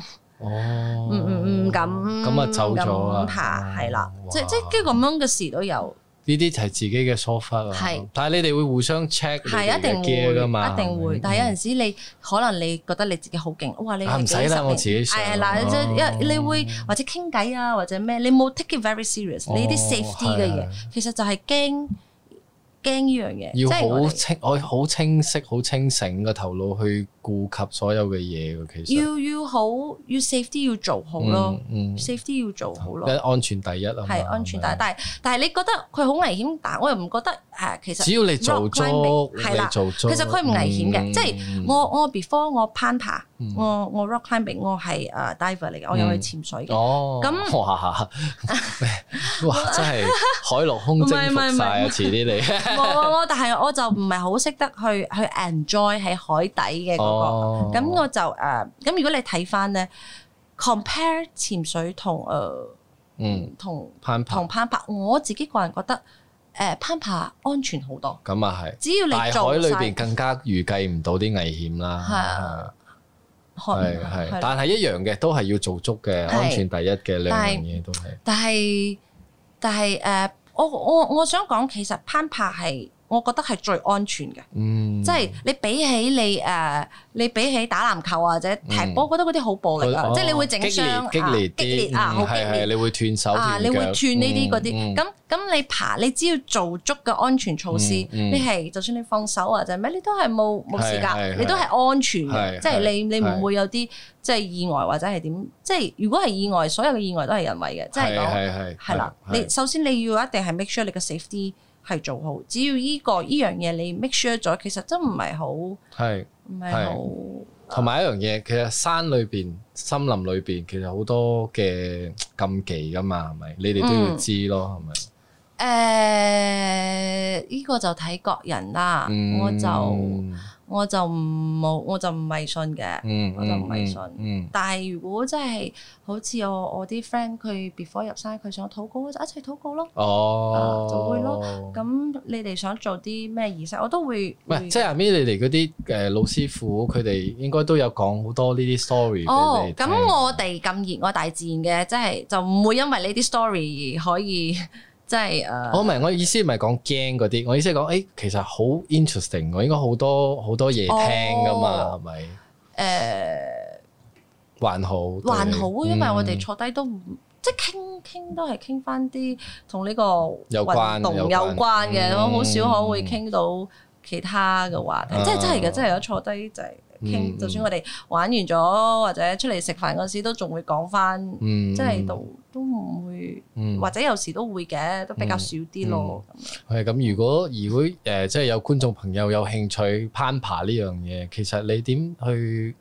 哦，唔唔唔敢，咁啊走咗啦，爬係啦，即即咁樣嘅事都有。呢啲就係自己嘅疏忽啊。係，但係你哋會互相 check，係一定驚噶嘛，一定會。但係有陣時你可能你覺得你自己好勁，哇你，唔使啦，我自己係嗱，即一你會或者傾偈啊，或者咩，你冇 take it very serious。你啲 safety 嘅嘢，其實就係驚驚呢樣嘢，即係我清我好清晰、好清醒嘅頭腦去。顧及所有嘅嘢嘅，其實要要好，要 safety 要做好咯，safety 要做好咯，安全第一啊！係安全第一，但係但係你覺得佢好危險，但我又唔覺得誒，其實只要你做足係啦，其實佢唔危險嘅，即係我我 before 我攀爬，我我 rock climbing 我係誒 diver 嚟嘅，我有去潛水嘅。哦，咁哇真係海陸空征服曬啊！遲啲嚟我我，但係我就唔係好識得去去 enjoy 喺海底嘅。哦，咁我就誒，咁如果你睇返呢，compare 潛水同誒，嗯，同攀爬，同攀爬，我自己個人覺得，誒，攀爬安全好多。咁啊係，只要你大海裏邊更加預計唔到啲危險啦。係啊，係係，但係一樣嘅，都係要做足嘅，安全第一嘅兩樣嘢都係。但係，但係誒，我我我想講，其實攀爬係。我覺得係最安全嘅，即係你比起你誒，你比起打籃球或者踢波，覺得嗰啲好暴力啊！即係你會整傷、激烈、激烈啊！好激烈，你會斷手啊，你會斷呢啲嗰啲。咁咁你爬，你只要做足嘅安全措施，你係就算你放手或者咩，你都係冇冇時間，你都係安全嘅。即係你你唔會有啲即係意外或者係點？即係如果係意外，所有嘅意外都係人為嘅。即係講係啦，你首先你要一定係 make sure 你嘅 safety。係做好，只要呢、呢個呢樣嘢你 make sure 咗，其實真唔係好，係唔係好？同埋係一樣嘢，其實山裏邊、森林裏邊，其實好多嘅禁忌噶嘛，係咪？嗯、你哋都要知咯，係咪？誒、呃，依、呢個就睇各人啦。嗯、我就。我就唔冇，我就唔迷信嘅。嗯、我就唔迷信。嗯嗯、但係如果真係好似我我啲 friend 佢 before 入山佢想禱告，就一齊禱告咯。哦、啊，就會咯。咁你哋想做啲咩儀式，我都會。唔即係阿咪你哋嗰啲誒老師傅，佢哋應該都有講好多呢啲 story。哦，咁我哋咁熱愛大自然嘅，即係就唔會因為呢啲 story 而可以。 即係，誒、就是哦，我唔係，我意思唔係講驚嗰啲，我意思係講，誒，其實好 interesting，我應該好多好多嘢聽㗎嘛，係咪、哦？誒，呃、還好，還好，因為我哋坐低都唔，嗯、即係傾傾，都係傾翻啲同呢個運動有關嘅，我好、嗯、少可會傾到其他嘅話題，嗯、即係真係嘅，真係、嗯，如果坐低就係傾，嗯、就算我哋玩完咗或者出嚟食飯嗰時，都仲會講翻，即係到。都唔會，或者有時都會嘅，都比較少啲，咯咁樣係咁，如果如果誒，即係有觀眾朋友有興趣攀爬呢樣嘢，其實你點去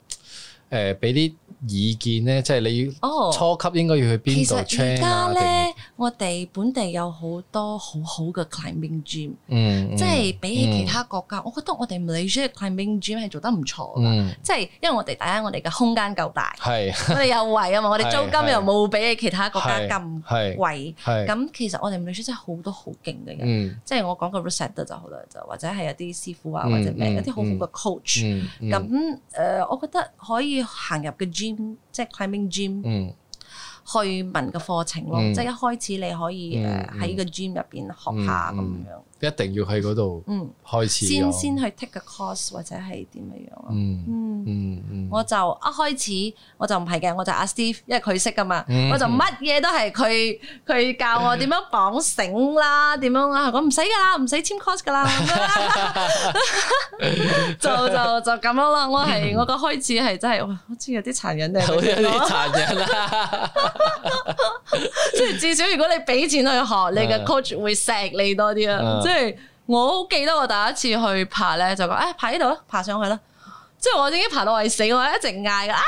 誒俾啲？呃意見咧，即係你要哦，初級應該要去邊度？其實而家咧，是我哋本地有很多很好多好好嘅 climbing gym，、嗯嗯、即係比起其他國家，嗯、我覺得我哋馬來西亞嘅 climbing gym 係做得唔錯嘅。嗯、即係因為我哋大家我哋嘅空間夠大，是我哋又有位啊嘛，我哋租金又冇比起其他國家咁貴。咁其實我哋馬來西亞真係好多好勁嘅人，嗯、即係我講個 reset 就好啦，就或者係有啲師傅啊，或者咩有啲好好嘅 coach、嗯。咁、嗯、誒、嗯嗯呃，我覺得可以行入嘅 gym。即係 climbing gym，、嗯、去問嘅課程咯。嗯、即係一開始你可以誒喺、嗯呃、個 gym 入邊學下咁、嗯、樣。一定要喺嗰度開始，先先去 take a course 或者係點樣樣。嗯嗯嗯嗯，我就一開始我就唔係嘅，我就阿 Steve，因為佢識噶嘛，我就乜嘢都係佢佢教我點樣綁繩啦，點樣啊？我唔使噶啦，唔使簽 course 噶啦，就就就咁樣啦。我係我個開始係真係，哇，好似有啲殘忍啊，好有啲殘忍啊，即係至少如果你俾錢去學，你嘅 coach 會錫你多啲啊，即係我好記得我第一次去爬咧，就講誒、哎，爬呢度啦，爬上去啦。即係我自己爬到位死，我一直嗌噶啊！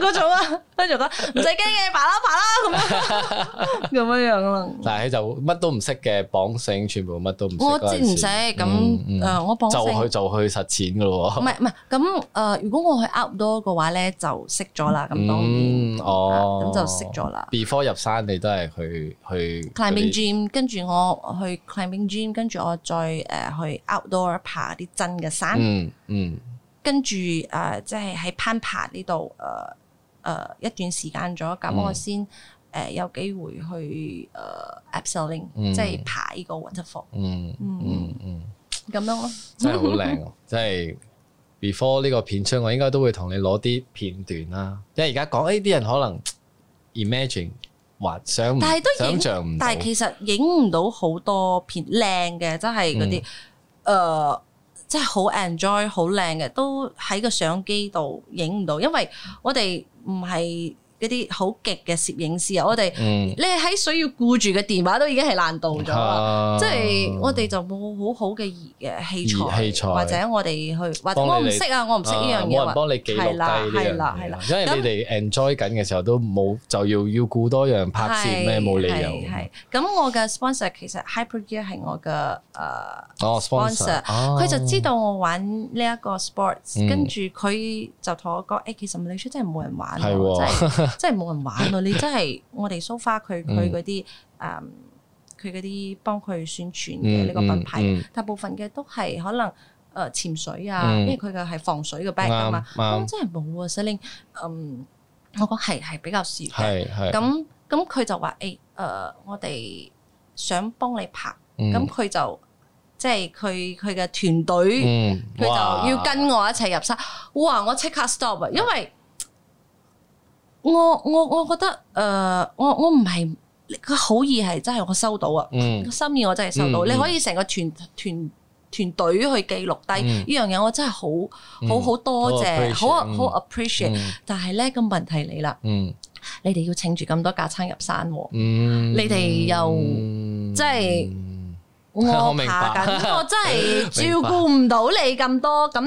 嗰種啊，跟住講唔使驚嘅，爬啦爬啦咁樣咁樣樣啦。 但係就乜都唔識嘅綁繩，全部乜都唔識、嗯嗯。我知唔識咁誒，我綁繩就去就去實踐噶咯。唔係唔係咁誒，如果我去 outdoor 嘅話咧，就識咗啦。咁當哦，咁就識咗啦。before 入山你都係去去 climbing gym，跟住我去 climbing gym，跟住我再誒去 outdoor 爬啲真嘅山。嗯。跟住誒，即係喺攀爬呢度誒誒一段時間咗，咁我先誒有機會去誒 absoling，即係爬呢個 wonderful。嗯嗯嗯，咁樣咯，真係好靚咯！即係 before 呢個片出，我應該都會同你攞啲片段啦。即係而家講，誒啲人可能 imagine 或想，但係都想像唔到，但係其實影唔到好多片靚嘅，真係嗰啲誒。就是真係好 enjoy，好靚嘅，都喺個相機度影唔到，因為我哋唔係。一啲好極嘅攝影師啊！我哋你係喺需要顧住嘅電話都已經係爛到咗啦，即係我哋就冇好好嘅誒嘅器材，器材或者我哋去，我唔識啊，我唔識呢樣嘢，冇人幫你記錄低呢樣。係啦，係啦，係啦。因為你哋 enjoy 緊嘅時候都冇就要要顧多樣拍攝咩冇理由。係咁，我嘅 sponsor 其實 HyperGear 係我嘅誒，sponsor 佢就知道我玩呢一個 sports，跟住佢就同我講，誒，其實滑雪真係冇人玩喎。即係冇人玩咯！你真係我哋 so far 佢佢嗰啲誒佢嗰啲幫佢宣傳嘅呢個品牌，嗯嗯大部分嘅都係可能誒潛水啊，嗯、因為佢嘅係防水嘅 brand 啊嘛，嗯嗯、真係冇啊！Selling，嗯，我講係係比較少嘅，咁咁佢就話誒誒，我哋想幫你拍，咁佢、嗯、就即係佢佢嘅團隊，佢、嗯、就要跟我一齊入山。哇！我即刻 stop，啊，因為。我我我覺得誒，我我唔係個好意係真係我收到啊，心意我真係收到。你可以成個團團團隊去記錄低呢樣嘢，我真係好好好多謝，好好 appreciate。但係咧個問題嚟啦，你哋要請住咁多架撐入山，你哋又即係我怕緊，我真係照顧唔到你咁多，咁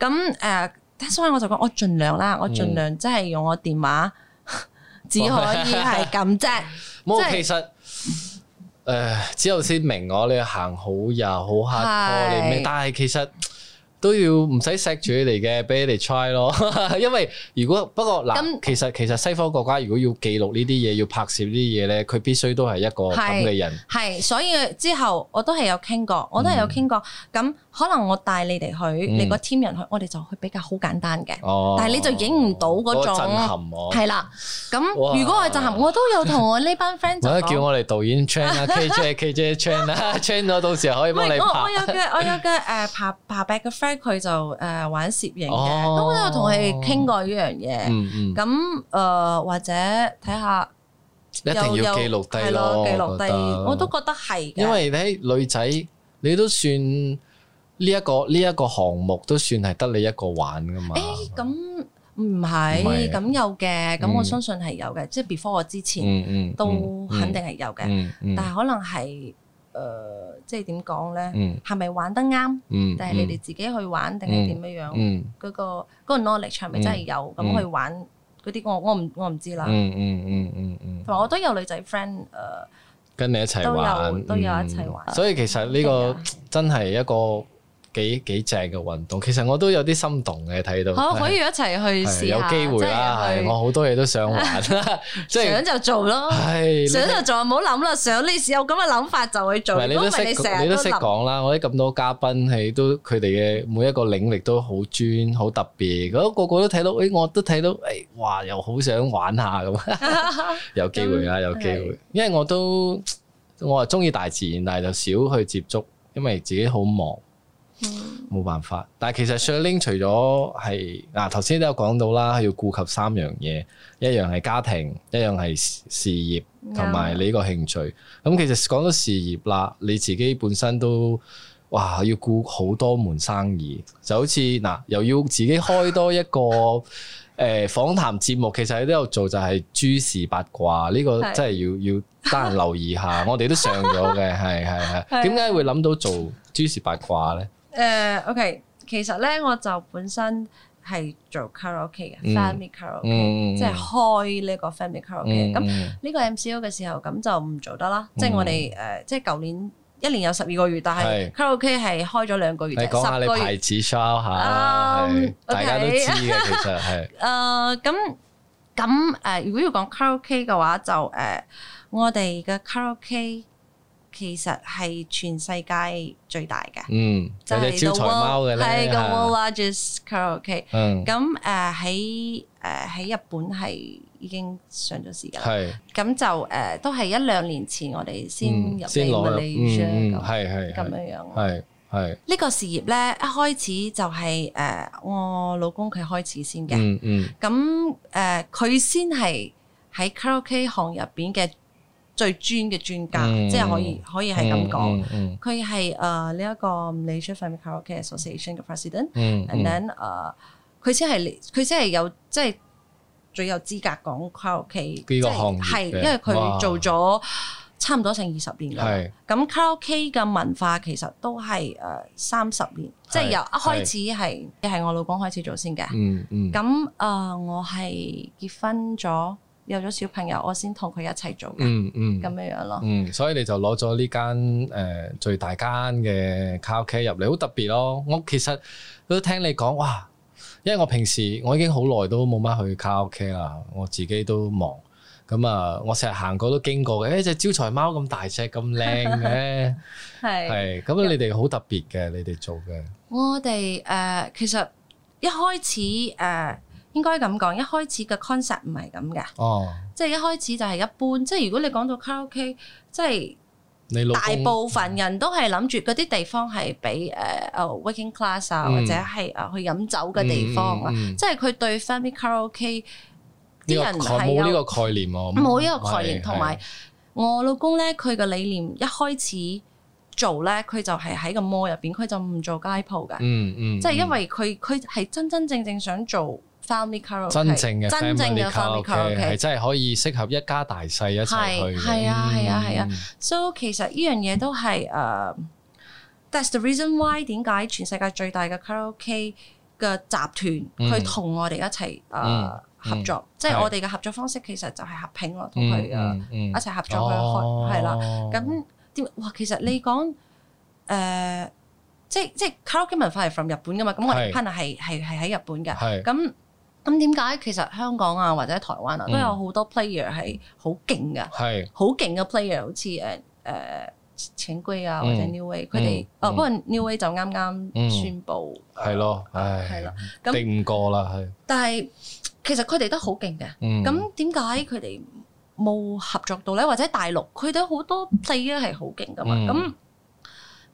咁誒。所以我就講，我盡量啦，我盡量即係用我電話，嗯、 只可以係咁啫。 即是 其實，誒、呃，之後先明我你行好又好吓，你咩是？但係其實。都要唔使錫住你哋嘅，俾你哋 try 咯。因為如果不過嗱，咁其實其實西方國家如果要記錄呢啲嘢，要拍攝呢啲嘢咧，佢必須都係一個咁嘅人。係。所以之後我都係有傾過，我都係有傾過，咁可能我帶你哋去，你個 team 人去，我哋就去比較好簡單嘅。哦，但係你就影唔到嗰種震撼。係啦，咁如果我係震撼，我都有同我呢班 friend 講，叫我哋導演 train 啊，KJ KJ train 啊，train 咗到時候可以幫你拍。我有個我有個誒爬爬壁嘅 friend。佢就誒、呃、玩攝影嘅，咁、哦、我都有同佢傾過呢樣嘢。咁誒、嗯嗯呃、或者睇下，一定要記錄低咯，記錄低。我都覺得係，因為你睇女仔，你都算呢、呢、一個呢一、呢個項目都算係得你一個玩噶嘛。誒、欸，咁唔係，咁是有嘅，咁我相信係有嘅。嗯、即係 before 我之前、嗯，嗯嗯、都肯定係有嘅、嗯嗯嗯。但係可能係。誒，即係點講咧？係咪玩得啱？定係你哋自己去玩定係點樣？嗰個嗰個耐力長咪真係有咁去玩嗰啲？我我唔我唔知啦。嗯嗯嗯嗯嗯。同埋我都有女仔 friend，誒，跟你一齊玩，都有一齊玩。所以其實呢個真係一個。幾幾正嘅運動，其實我都有啲心動嘅，睇到。可可以一齊去試下。有機會啦，係我好多嘢,都想玩啦，想就做咯。係想就做，唔好諗啦。想呢時,有咁嘅諗法就去做。唔係你都識，你都識講啦。我啲咁多嘉賓喺都，佢哋嘅每一個領域都好專，好特別。咁個個都睇到，誒，我都睇到，誒，哇，又好想玩下咁。有機會啦，有機會。因為我都我係中意大自然，但係就少去接觸，因為自己好忙。冇辦法，但係其實上拎除咗係嗱，頭先都有講到啦，要顧及三樣嘢，一樣係家庭，一樣係事業，同埋你個興趣。咁、嗯、其實講到事業啦，你自己本身都哇，要顧好多門生意，就好似嗱、啊，又要自己開多一個誒、 呃、訪談節目，其實你都有做就係諸事八卦，呢、這個真係要要單留意下。 我哋都上咗嘅，係係係，點解的會諗到做諸事八卦呢？誒、uh, OK，其實咧我就本身係做 k 卡拉 OK 嘅，Family k 卡拉 OK，即係開呢個 Family k 卡拉 OK。咁呢個 MCO 嘅時候，咁就唔做得啦。即係我哋誒，即係舊年一年有十二個月，但係卡拉 OK 係開咗兩個月，即係你講晒你牌子 show 下啦，大家都知嘅其實係。誒咁咁誒，如果要講卡拉 OK 嘅話，就誒、呃、我哋嘅 k 卡拉 OK。其實係全世界最大嘅，嗯，就係到 World 嘅咧，係 The World Largest Karaoke。咁誒喺誒喺日本係已經上咗時間，係咁就誒都係一兩年前我哋先入先落嚟咁樣樣，係係。呢個事業咧一開始就係誒我老公佢開始先嘅，嗯嗯。咁誒佢先係喺 Karaoke 行入邊嘅。最專嘅專家，即係可以可以係咁講，佢係誒呢一個 National Karaoke Association 嘅 President，and then 誒佢先係佢先係有即係最有資格講 karaoke，即係因為佢做咗差唔多成二十年啦，咁 karaoke 嘅文化其實都係誒三十年，即係由一開始係係我老公開始做先嘅，咁誒我係結婚咗。有咗小朋友，我先同佢一齊做嘅，咁、嗯嗯、樣樣咯。嗯，所以你就攞咗呢間誒、呃、最大間嘅卡拉 OK 入嚟，好特別咯。我其實都聽你講，哇！因為我平時我已經好耐都冇乜去卡拉 OK 啦，我自己都忙。咁啊，我成日行過都經過嘅。誒、欸，隻招財貓咁大隻，咁靚嘅，係係 是。咁你哋好特別嘅，你哋做嘅。我哋誒、呃，其實一開始誒。呃應該咁講，一開始嘅 concept 唔係咁嘅，哦、即係一開始就係一般。即係如果你講到卡拉 OK，即係大部分人都係諗住嗰啲地方係俾誒 working class 啊，嗯、或者係誒、uh, 去飲酒嘅地方啊。嗯嗯嗯、即係佢對 family 卡拉 OK 啲人係冇呢個概念，冇呢個概念。同埋有是我老公咧，佢嘅理念一開始做咧，佢就係喺個 mall 入邊，佢就唔做街鋪嘅、嗯。嗯嗯，嗯即係因為佢佢係真真正正想做。真正嘅真正嘅 family 卡拉 OK，係真係可以適合一家大細一齊去。係啊，係啊，係啊。So 其實呢樣嘢都係誒，That's the reason why 點解全世界最大嘅卡拉 OK 嘅集團去同我哋一齊誒合作？即係我哋嘅合作方式其實就係合拼落同佢誒一齊合作去開係啦。咁哇，其實你講誒，即係即係卡拉 OK 文化係 from 日本㗎嘛？咁我 partner 係喺日本嘅，咁。咁點解其實香港啊或者台灣啊都有好多 player 係好勁嘅，好、嗯、勁嘅 player，好似誒誒錢櫃啊或者 Neway，佢哋誒不過 Neway 就啱啱宣布係、嗯嗯、咯，唉，係啦咯，咁定唔過啦係。但係其實佢哋都好勁嘅，咁點解佢哋冇合作到咧？或者大陸佢哋好多 player 係好勁㗎嘛？咁咁、嗯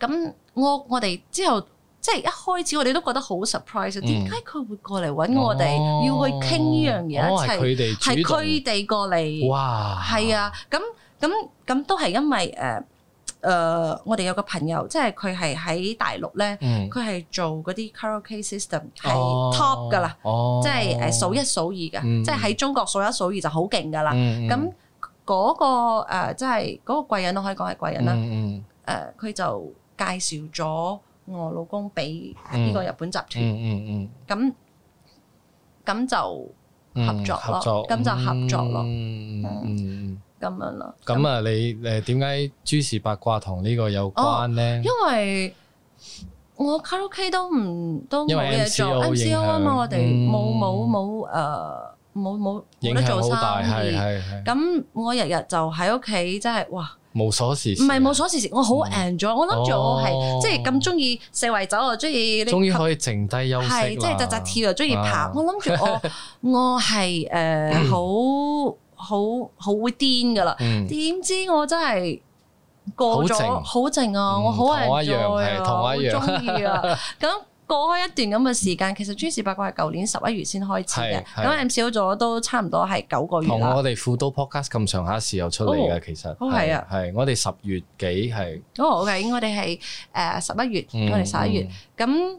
嗯嗯、我我哋之後。即係一開始，我哋都覺得好 surprise 啊！點解佢會過嚟揾我哋，要去傾呢樣嘢一齊？係佢哋過嚟。哇！係啊，咁咁咁都係因為誒誒、呃，我哋有個朋友，即係佢係喺大陸咧，佢係、嗯、做嗰啲 karaoke system 係、哦、top 㗎喇，即係誒數一數二嘅，即係喺中國數一數二就好勁㗎喇。咁嗰、嗯嗯那個即係嗰個貴人，都可以講係貴人啦。誒、嗯嗯，佢、呃、就介紹咗。我老公俾呢個日本集團，咁咁就合作咯，咁就合作咯，咁樣咯。咁啊，你誒點解諸事八卦同呢個有關咧？因為我卡拉 OK 都唔都冇嘢做，MCO 啊嘛，我哋冇冇冇誒，冇冇冇得做生意。咁我日日就喺屋企，真係哇！無所事事，唔係無所事事，我好 enjoy。我諗住我係即係咁中意四圍走，又中意。終於可以靜低休息。係，即係紮扎跳又中意爬。我諗住我我係誒好好好會癲噶啦。點知我真係，過咗好靜啊！我好 enjoy 啊，好中意啊。咁。過開一段咁嘅時間，其實諸事八卦係舊年十一月先開始嘅，咁少咗都差唔多係九個月我哋輔都 podcast 咁上下時候出嚟嘅，哦、其實係、哦、係啊，係我哋十月幾係。哦，okay，應該我哋係誒十一月，我哋十一月，咁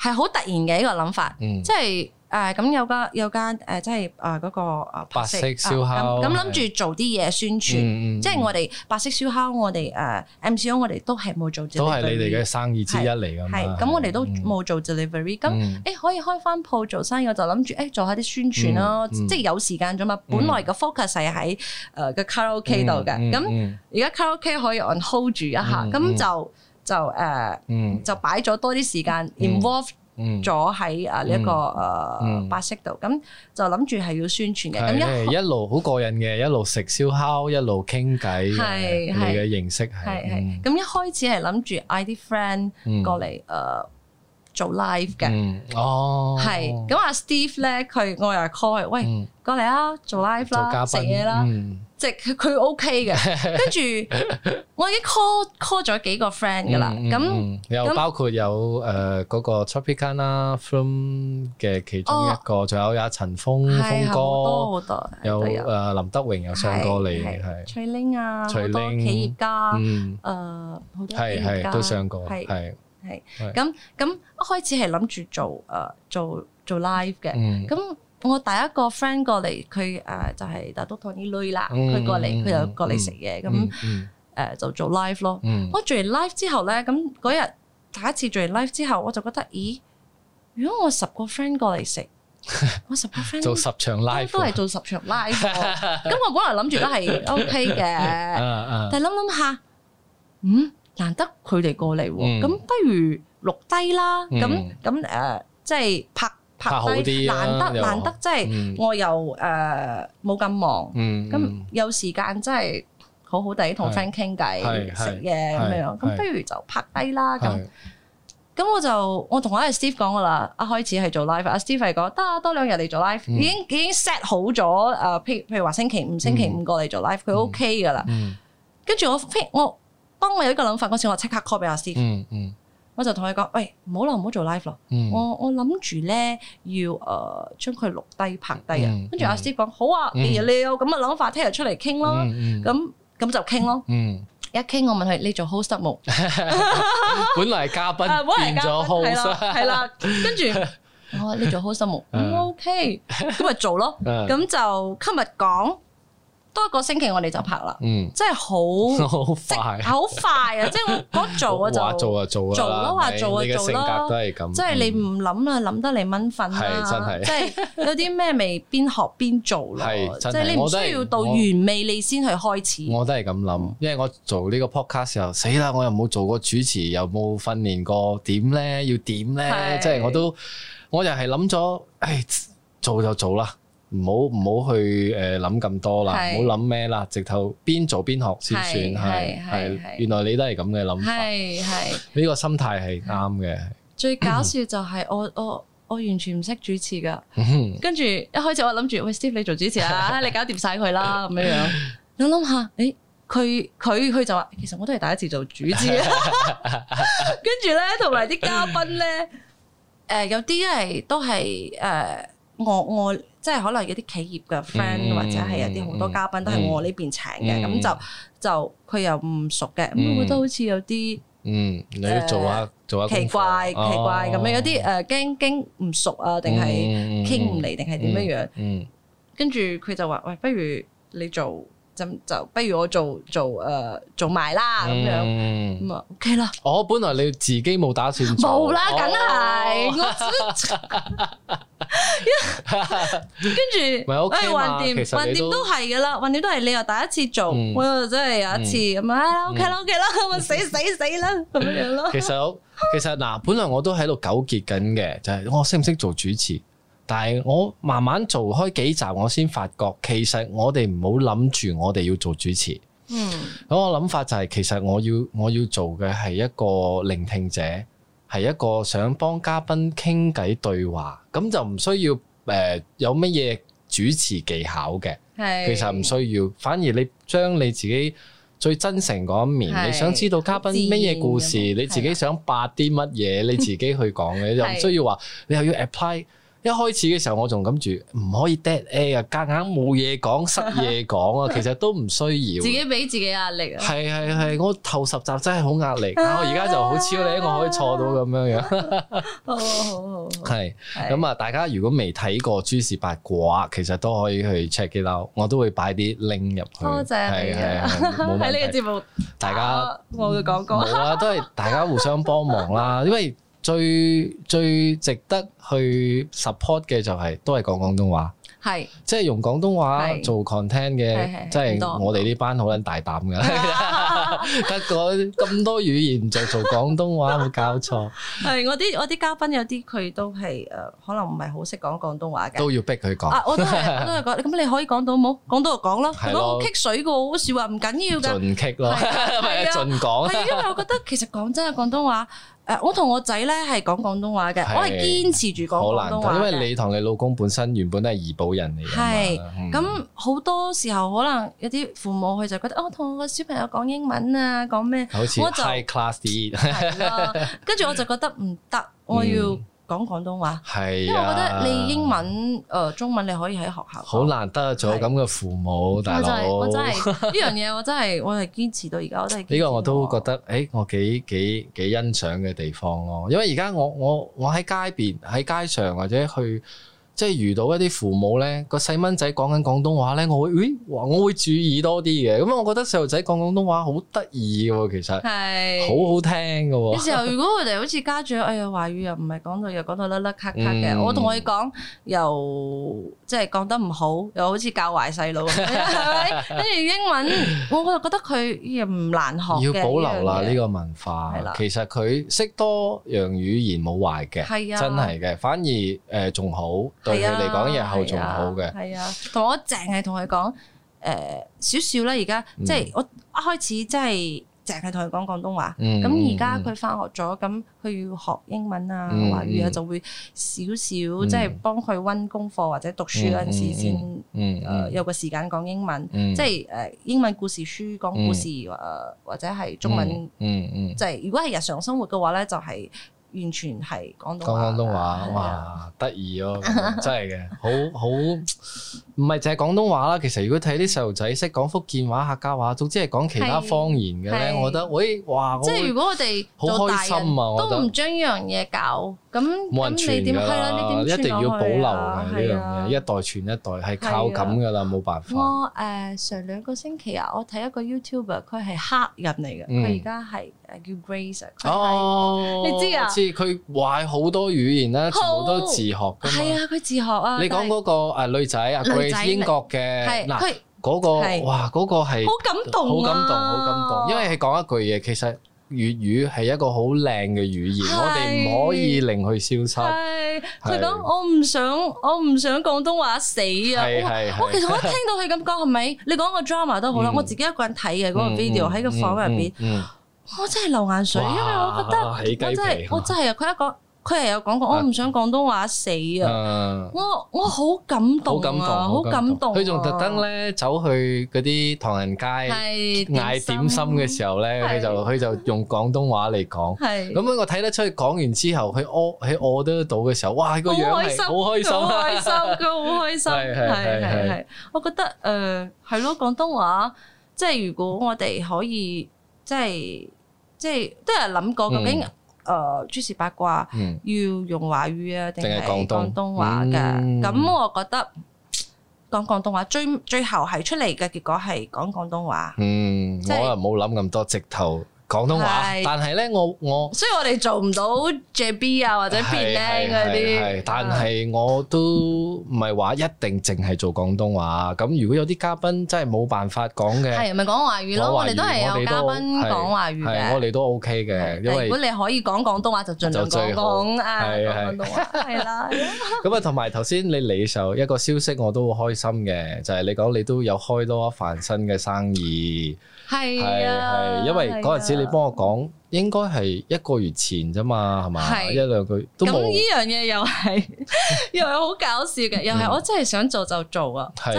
係好突然嘅一、一個諗法，嗯、即係。誒咁、uh, 嗯、有間有間誒，即係誒嗰個白色燒烤，咁諗住做啲嘢宣傳，即係、啊、我哋白色燒烤，我哋誒、uh, MCO，我哋都係冇做 delivery,、啊，都係你哋嘅生意之一嚟、啊、㗎。係，咁我哋都冇做 delivery。咁、啊、誒、哎、可以開翻鋪做生意，我就諗住誒做下啲宣傳咯、啊。即係、啊啊就是、有時間啫嘛。本來個 focus 係喺誒個卡拉 OK 度嘅。咁而家卡拉 OK 可以 on hold 住一下，咁就就誒、uh, 就擺咗多啲時間 involve。In 咗喺啊呢一個啊白色度，咁就諗住係要宣傳嘅。咁一一路好過癮嘅，一路食燒烤，一路傾偈，你嘅形式係係。咁一開始係諗住嗌啲 friend 過嚟誒做 live 嘅。哦，係。咁阿 Steve 咧，佢我又 call 喂，過嚟啊，做 live 啦，食嘢啦。即係佢，佢 OK 嘅，跟住我已經 call call 咗幾個 friend 噶啦，咁又包括有誒嗰個 Tropicana 啦，From 嘅其中一個，仲有阿陳峰峰哥，有誒林德榮又上過嚟，係。徐玲啊，好多企業家，誒，係係都上過，係係。咁咁一開始係諗住做誒做做 live 嘅，咁。我第一個 friend 過嚟，佢誒、呃、就係、是、大獨堂啲女啦，佢過嚟佢就過嚟食嘢，咁誒就做 live 咯。我、嗯、做完 live 之後咧，咁嗰日第一次做完 live 之後，我就覺得咦，如果我十個 friend 過嚟食，我十個 friend 做十場 live 都係做十場 live，咁我本來諗住都係 OK 嘅， 啊啊、但諗諗下，嗯，難得佢哋過嚟，咁、嗯、不如錄低啦，咁咁誒即係拍。拍低啲，難得難得，即係我又誒冇咁忙，咁有時間真係好好地同 friend 傾偈食嘢咁樣，咁不如就拍低啦咁。咁我就我同我阿 Steve 講㗎喇，一開始係做 live，阿 Steve 係講得多兩日嚟做 live，已經已經 set 好咗誒，譬譬如話星期五、星期五過嚟做 live，佢 OK 㗎喇。跟住我譬我當我有一個諗法嗰時，我即刻 call 俾阿 Steve。我就同佢講，喂，唔好啦，唔好做 live 咯，我我諗住咧，要誒將佢錄低拍低啊，跟住阿師傅講好啊，你有咁嘅諗法，聽日出嚟傾咯，咁咁就傾咯。一傾我問佢，你做 host 目，本來係嘉賓變咗 host，係啦，跟住我話你做 host 目，嗯 OK，咁咪做咯，咁就今日講。多一個星期我哋就拍啦，嗯，即係好，好快，好快啊！即係我做我做啦，做啦，做啊做啦，性格都係咁，即係你唔諗啦，諗得嚟蚊瞓啦，係真係，即係有啲咩未邊學邊做咯，係真係，即係你唔需要到完美你先去開始，我都係咁諗，因為我做呢個 podcast 時候死啦，我又冇做過主持，又冇訓練過，點咧要點咧，即係我都，我又係諗咗，誒，做就做啦。唔好唔好去誒諗咁多啦，唔好諗咩啦，直頭邊做邊學先算係係。原來你都係咁嘅諗法，係係呢個心態係啱嘅。最搞笑就係我我我完全唔識主持㗎，跟住一開始我諗住喂，Steve 你做主持啊，你搞掂晒佢啦咁樣樣。諗諗下，誒佢佢佢就話其實我都係第一次做主持，跟住咧，同埋啲嘉賓咧，誒有啲係都係誒我我。即係可能有啲企業嘅 friend 或者係有啲好多嘉賓都係我呢邊請嘅，咁就就佢又唔熟嘅，咁我覺得好似有啲嗯，你要做下做下奇怪奇怪咁樣，有啲誒驚驚唔熟啊，定係傾唔嚟定係點樣樣？嗯，跟住佢就話：喂，不如你做。就就不如我做做誒做埋啦咁樣咁啊 OK 啦！我本來你自己冇打算冇啦，梗係跟住誒橫掂，橫掂都係嘅啦，橫掂都係你又第一次做，我又真係有一次咁啊 OK 啦 OK 啦，我死死死啦咁樣咯。其實其實嗱，本來我都喺度糾結緊嘅，就係我識唔識做主持？但係我慢慢做開幾集，我先發覺其實我哋唔好諗住我哋要做主持。嗯。咁我諗法就係，其實我要我要做嘅係一個聆聽者，係一個想幫嘉賓傾偈對話，咁就唔需要誒、呃、有乜嘢主持技巧嘅。係。其實唔需要，反而你將你自己最真誠嗰一面，係，你想知道嘉賓乜嘢故事，自你自己想八啲乜嘢，係啊、你自己去講嘅，又唔需要話你又要 apply。一開始嘅時候，我仲諗住唔可以 dead air，夾硬冇嘢講，失嘢講啊， 其實都唔需要。 自己俾自己壓力啊！係係係，我頭十集真係好壓力，啊。我而家就好超你，我可以錯到咁樣樣。好，好係咁啊！大家如果未睇過《諸事八卦》，其實都可以去 check it out，我都會擺啲 link 入去。多謝、oh，你啊！冇問題，喺呢 個節目，大家、啊、我會講講冇啊，都係大家互相幫忙啦，因為。最最值得去 support 嘅就係、是、都係講廣東話，係是即係用廣東話做 content 嘅，即係我哋呢班好撚大膽嘅。不過咁多語言就做廣東話冇搞錯。係 我啲我啲嘉賓有啲佢都係誒，可能唔係好識講廣東話嘅，都要逼佢講。啊、我都係我都係講，咁你可以講到冇講到就講啦的。我攰水嘅好似話，唔緊要嘅，盡攰咯，係啊， 盡講。係 因為我覺得其實講真啊，廣東話。誒，我同我仔咧係講廣東話嘅，是我係堅持住講廣東話。因為你同你老公本身原本都係怡保人嚟嘅。係是，咁好、嗯、多時候可能有啲父母佢就覺得，哦，同我個小朋友講英文啊，講咩？好似 high class，跟住我就覺得唔得，我要、嗯。講廣東話係，啊、因為我覺得你英文、誒、呃、中文你可以喺學校。好難得做咁嘅父母，大佬。我真係呢樣嘢，我真係我係堅持到而家，我真係。呢個我都覺得，誒、哎，我幾幾幾欣賞嘅地方咯、啊。因為而家我我我喺街邊喺街上或者去。即係遇到一啲父母咧，個細蚊仔講緊廣東話咧，我會，咦？我我會注意多啲嘅。咁我覺得細路仔講廣東話好得意嘅，其實，係，好好聽嘅。有時候如果佢哋好似家長，哎呀，華語又唔係講到又講到甩甩卡卡嘅，我同佢講又即係講得唔好，又好似教壞細路，係咪？跟住英文，我我就覺得佢又唔難學。要保留啦呢個文化，係啦。其實佢識多樣語言冇壞嘅，係啊，真係嘅，反而誒仲好。係啊，嚟講日後仲好嘅。係啊，同我淨係同佢講，誒、呃，少少啦。而家即係我一開始，即係淨係同佢講廣東話。咁而家佢返學咗，咁佢要學英文啊、華、嗯嗯、語啊，就會少少，即係幫佢溫功課或者讀書嗰陣時先，誒，嗯嗯嗯、有個時間講英文。嗯嗯嗯即係誒，英文故事書講故事、啊，誒，或者係中文。嗯嗯，即係如果係日常生活嘅話咧、就是，就係。完全係講廣東話，廣東話哇， 得意咯，哦，真係嘅， 好好。唔係淨係廣東話啦。其實如果睇啲細路仔識講福建話、客家話，總之係講其他方言嘅咧，我覺得，喂，哇，即係如果我哋好開心啊！我都唔將呢樣嘢搞咁，冇人傳㗎嘛。一定要保留呢樣嘢，一代傳一代係靠咁㗎啦，冇辦法。我上兩個星期啊，我睇一個 YouTuber，佢係黑人嚟嘅，佢而家係叫 Grace 你知啊？佢話好多語言啦，全部都自學㗎啊，佢自學啊。你講嗰個女仔啊？英國嘅嗱嗰個哇嗰個係好感動，好感動，好感動。因為佢講一句嘢，其實粵語係一個好靚嘅語言，我哋唔可以令佢消失。係，佢講：我唔想，我唔想廣東話死啊！係，我其實我聽到佢咁講，係咪？你講個 drama 都好啦，我自己一個人睇嘅嗰個 video 喺個房入邊，我真係流眼水，因為我覺得我真係，我真係啊！佢一個。佢係有講過，我唔想廣東話死啊！我我好感動，好感動，好感動。佢仲特登咧走去嗰啲唐人街嗌點心嘅時候咧，佢就佢就用廣東話嚟講。咁樣我睇得出佢講完之後，佢餓佢餓得到嘅時候，哇！個樣係好開心，好開心，好開心，係係係。我覺得誒係咯，廣東話即係如果我哋可以即係即係都有諗過究竟。誒，諸、呃、事八卦、嗯、要用華語啊，定係廣，廣東話嘅？咁、嗯、我覺得講廣東話最最後係出嚟嘅結果係講廣東話。東話嗯，即係、我又冇諗咁多，直頭。廣東話，但係呢，我我，所以我哋做唔到 J B 啊或者 Bling 嗰啲，但係我都唔係話一定淨係做廣東話。咁如果有啲嘉賓真係冇辦法講嘅，係咪講華語咯？我哋都係有嘉賓講華語，我哋都 O K 嘅。因為如果你可以講廣東話，就盡量講啊廣東話，係啦。咁啊，同埋頭先你嚟嘅時候一個消息我都好開心嘅，就係你講你都有開多一份新嘅生意。係係係，啊，因為嗰陣時你幫我講。應該係一個月前啫嘛，係嘛？一兩個月都冇。咁呢樣嘢又係又係好搞笑嘅，又係我真係想做就做啊！係，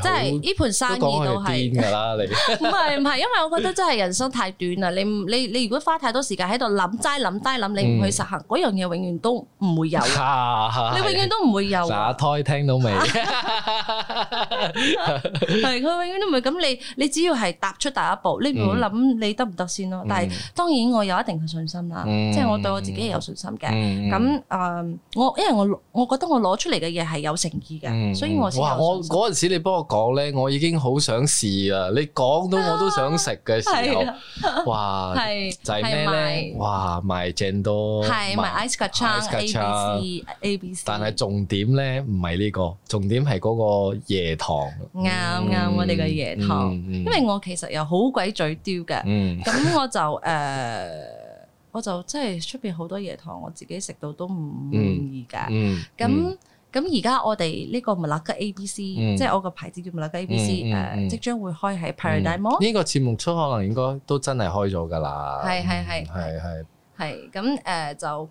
真係呢盤生意都係癲㗎喇！你唔係唔係？因為我覺得真係人生太短啦！你你你如果花太多時間喺度諗齋諗低諗，你唔去實行嗰樣嘢，永遠都唔會有。你永遠都唔會有。打胎聽到未？係佢永遠都唔係咁。你你只要係踏出第一步，你唔好諗你得唔得先咯。但係當然。我有一定嘅信心啦，即係我對我自己有信心嘅。咁誒，我因為我我覺得我攞出嚟嘅嘢係有誠意嘅，所以我先有信心。哇！我嗰陣時你幫我講咧，我已經好想試啊！你講到我都想食嘅時候，哇！係就係咩咧？哇！賣正多，係賣 ice cream，但係重點咧唔係呢個，重點係嗰個椰糖。啱啱我哋嘅椰糖，因為我其實又好鬼嘴刁嘅，咁我就誒。誒，我就真係出邊好多嘢糖，我自己食到都唔滿意噶。咁咁而家我哋呢個 Melaka A B C，即係我個牌子叫 Melaka A B C，誒，即將會開喺 Paradigm。呢個節目出可能應該都真係開咗噶啦。係係係係係係咁誒，就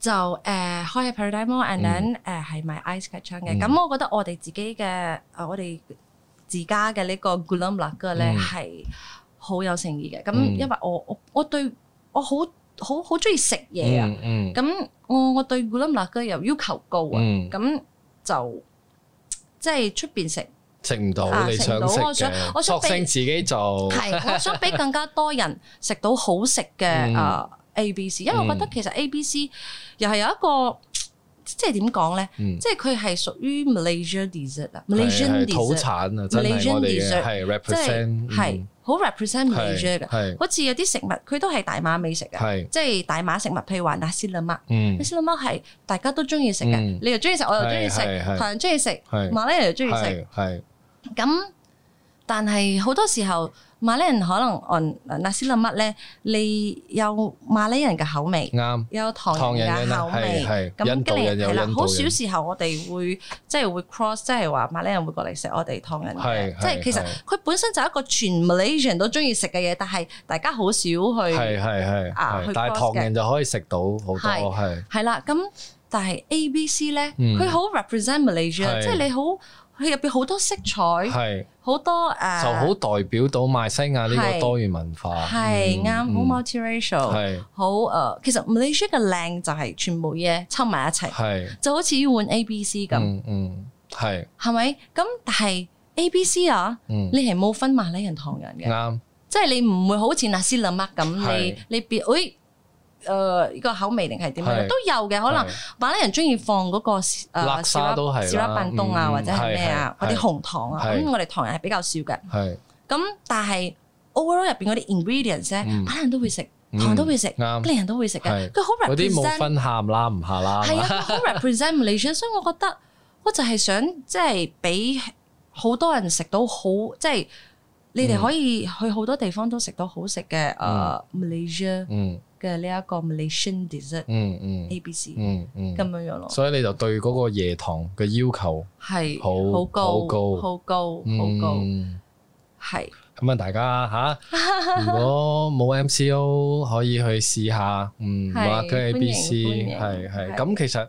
就誒開喺 Paradigm，and then 誒係賣 ice catch 嘅。咁我覺得我哋自己嘅我哋自家嘅呢個 Gula Melaka 咧係。好有誠意嘅，咁因為我我對我好好好中意食嘢啊，咁我我對古林納哥又要求高啊，咁就即係出邊食食唔到，你想食嘅，我想我想俾自己就係，我想俾更加多人食到好食嘅啊 A B C，因為我覺得其實 A B C 又係有一個即係點講咧，即係佢係屬於 Malaysia dessert 啊，Malaysia 土產啊，真係我哋嘅，係 represent 係。好 represent Asia 嘅，好似有啲食物佢都係大馬美食嘅，是即係大馬食物，譬如話拿西拉麥，拿西拉麥係大家都中意食嘅，嗯、你又中意食，我又中意食，唐人中意食，是馬來人又中意食，係咁，但係好多時候。馬來人可能按那先諗乜咧？你有馬來人嘅口味，啱有唐人嘅口味，係係咁。今年係啦，好少時候我哋會即係會 cross，即係話馬來人會過嚟食我哋唐人嘅。即係其實佢本身就係一個全 Malaysia 人都中意食嘅嘢，但係大家好少去係係係啊，但係唐人就可以食到好多係係。係啦，咁但係 ABC 咧，佢好 represent Malaysia，即係你好。佢入邊好多色彩，好多誒，就好代表到馬來西亞呢個多元文化，係啱，好 multiracial，係好誒。其實馬來西亞嘅靚就係全部嘢湊埋一齊，係就好似要換 A B C 咁，嗯，係係咪？咁但係 A B C 啊，你係冇分馬來人、唐人嘅，啱，即係你唔會好似那斯林麥咁，你你別誒。誒，依個口味定係點樣都有嘅，可能馬拉人中意放嗰個誒砂都係，砂冰凍啊或者係咩啊嗰啲紅糖啊，咁我哋唐人係比較少嘅。係咁，但係 overall 入邊嗰啲 ingredients 咧，馬拉人都會食，唐人都會食，吉麗人都會食嘅。佢好 represent，冇分喊啦，唔下啦。係啊，好 representation，所以我覺得我就係想即係俾好多人食到好即係。你哋可以去好多地方都食到好食嘅，誒 Malaysia 嘅呢一個 Malaysian dessert，ABC 咁樣樣咯。所以你就對嗰個夜堂嘅要求係好高、好高、好高、好高，係。咁啊，大家嚇，如果冇 MCO 可以去試下，嗯，話佢 ABC 係係咁，其實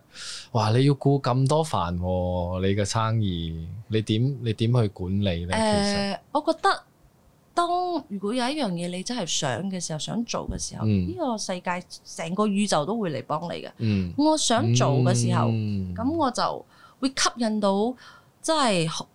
哇，你要顧咁多飯喎，你嘅生意你點你點去管理咧？其實誒，我覺得。當如果有一樣嘢你真係想嘅時候，想做嘅時候，呢、嗯、個世界成個宇宙都會嚟幫你嘅。嗯、我想做嘅時候，咁、嗯、我就會吸引到真係好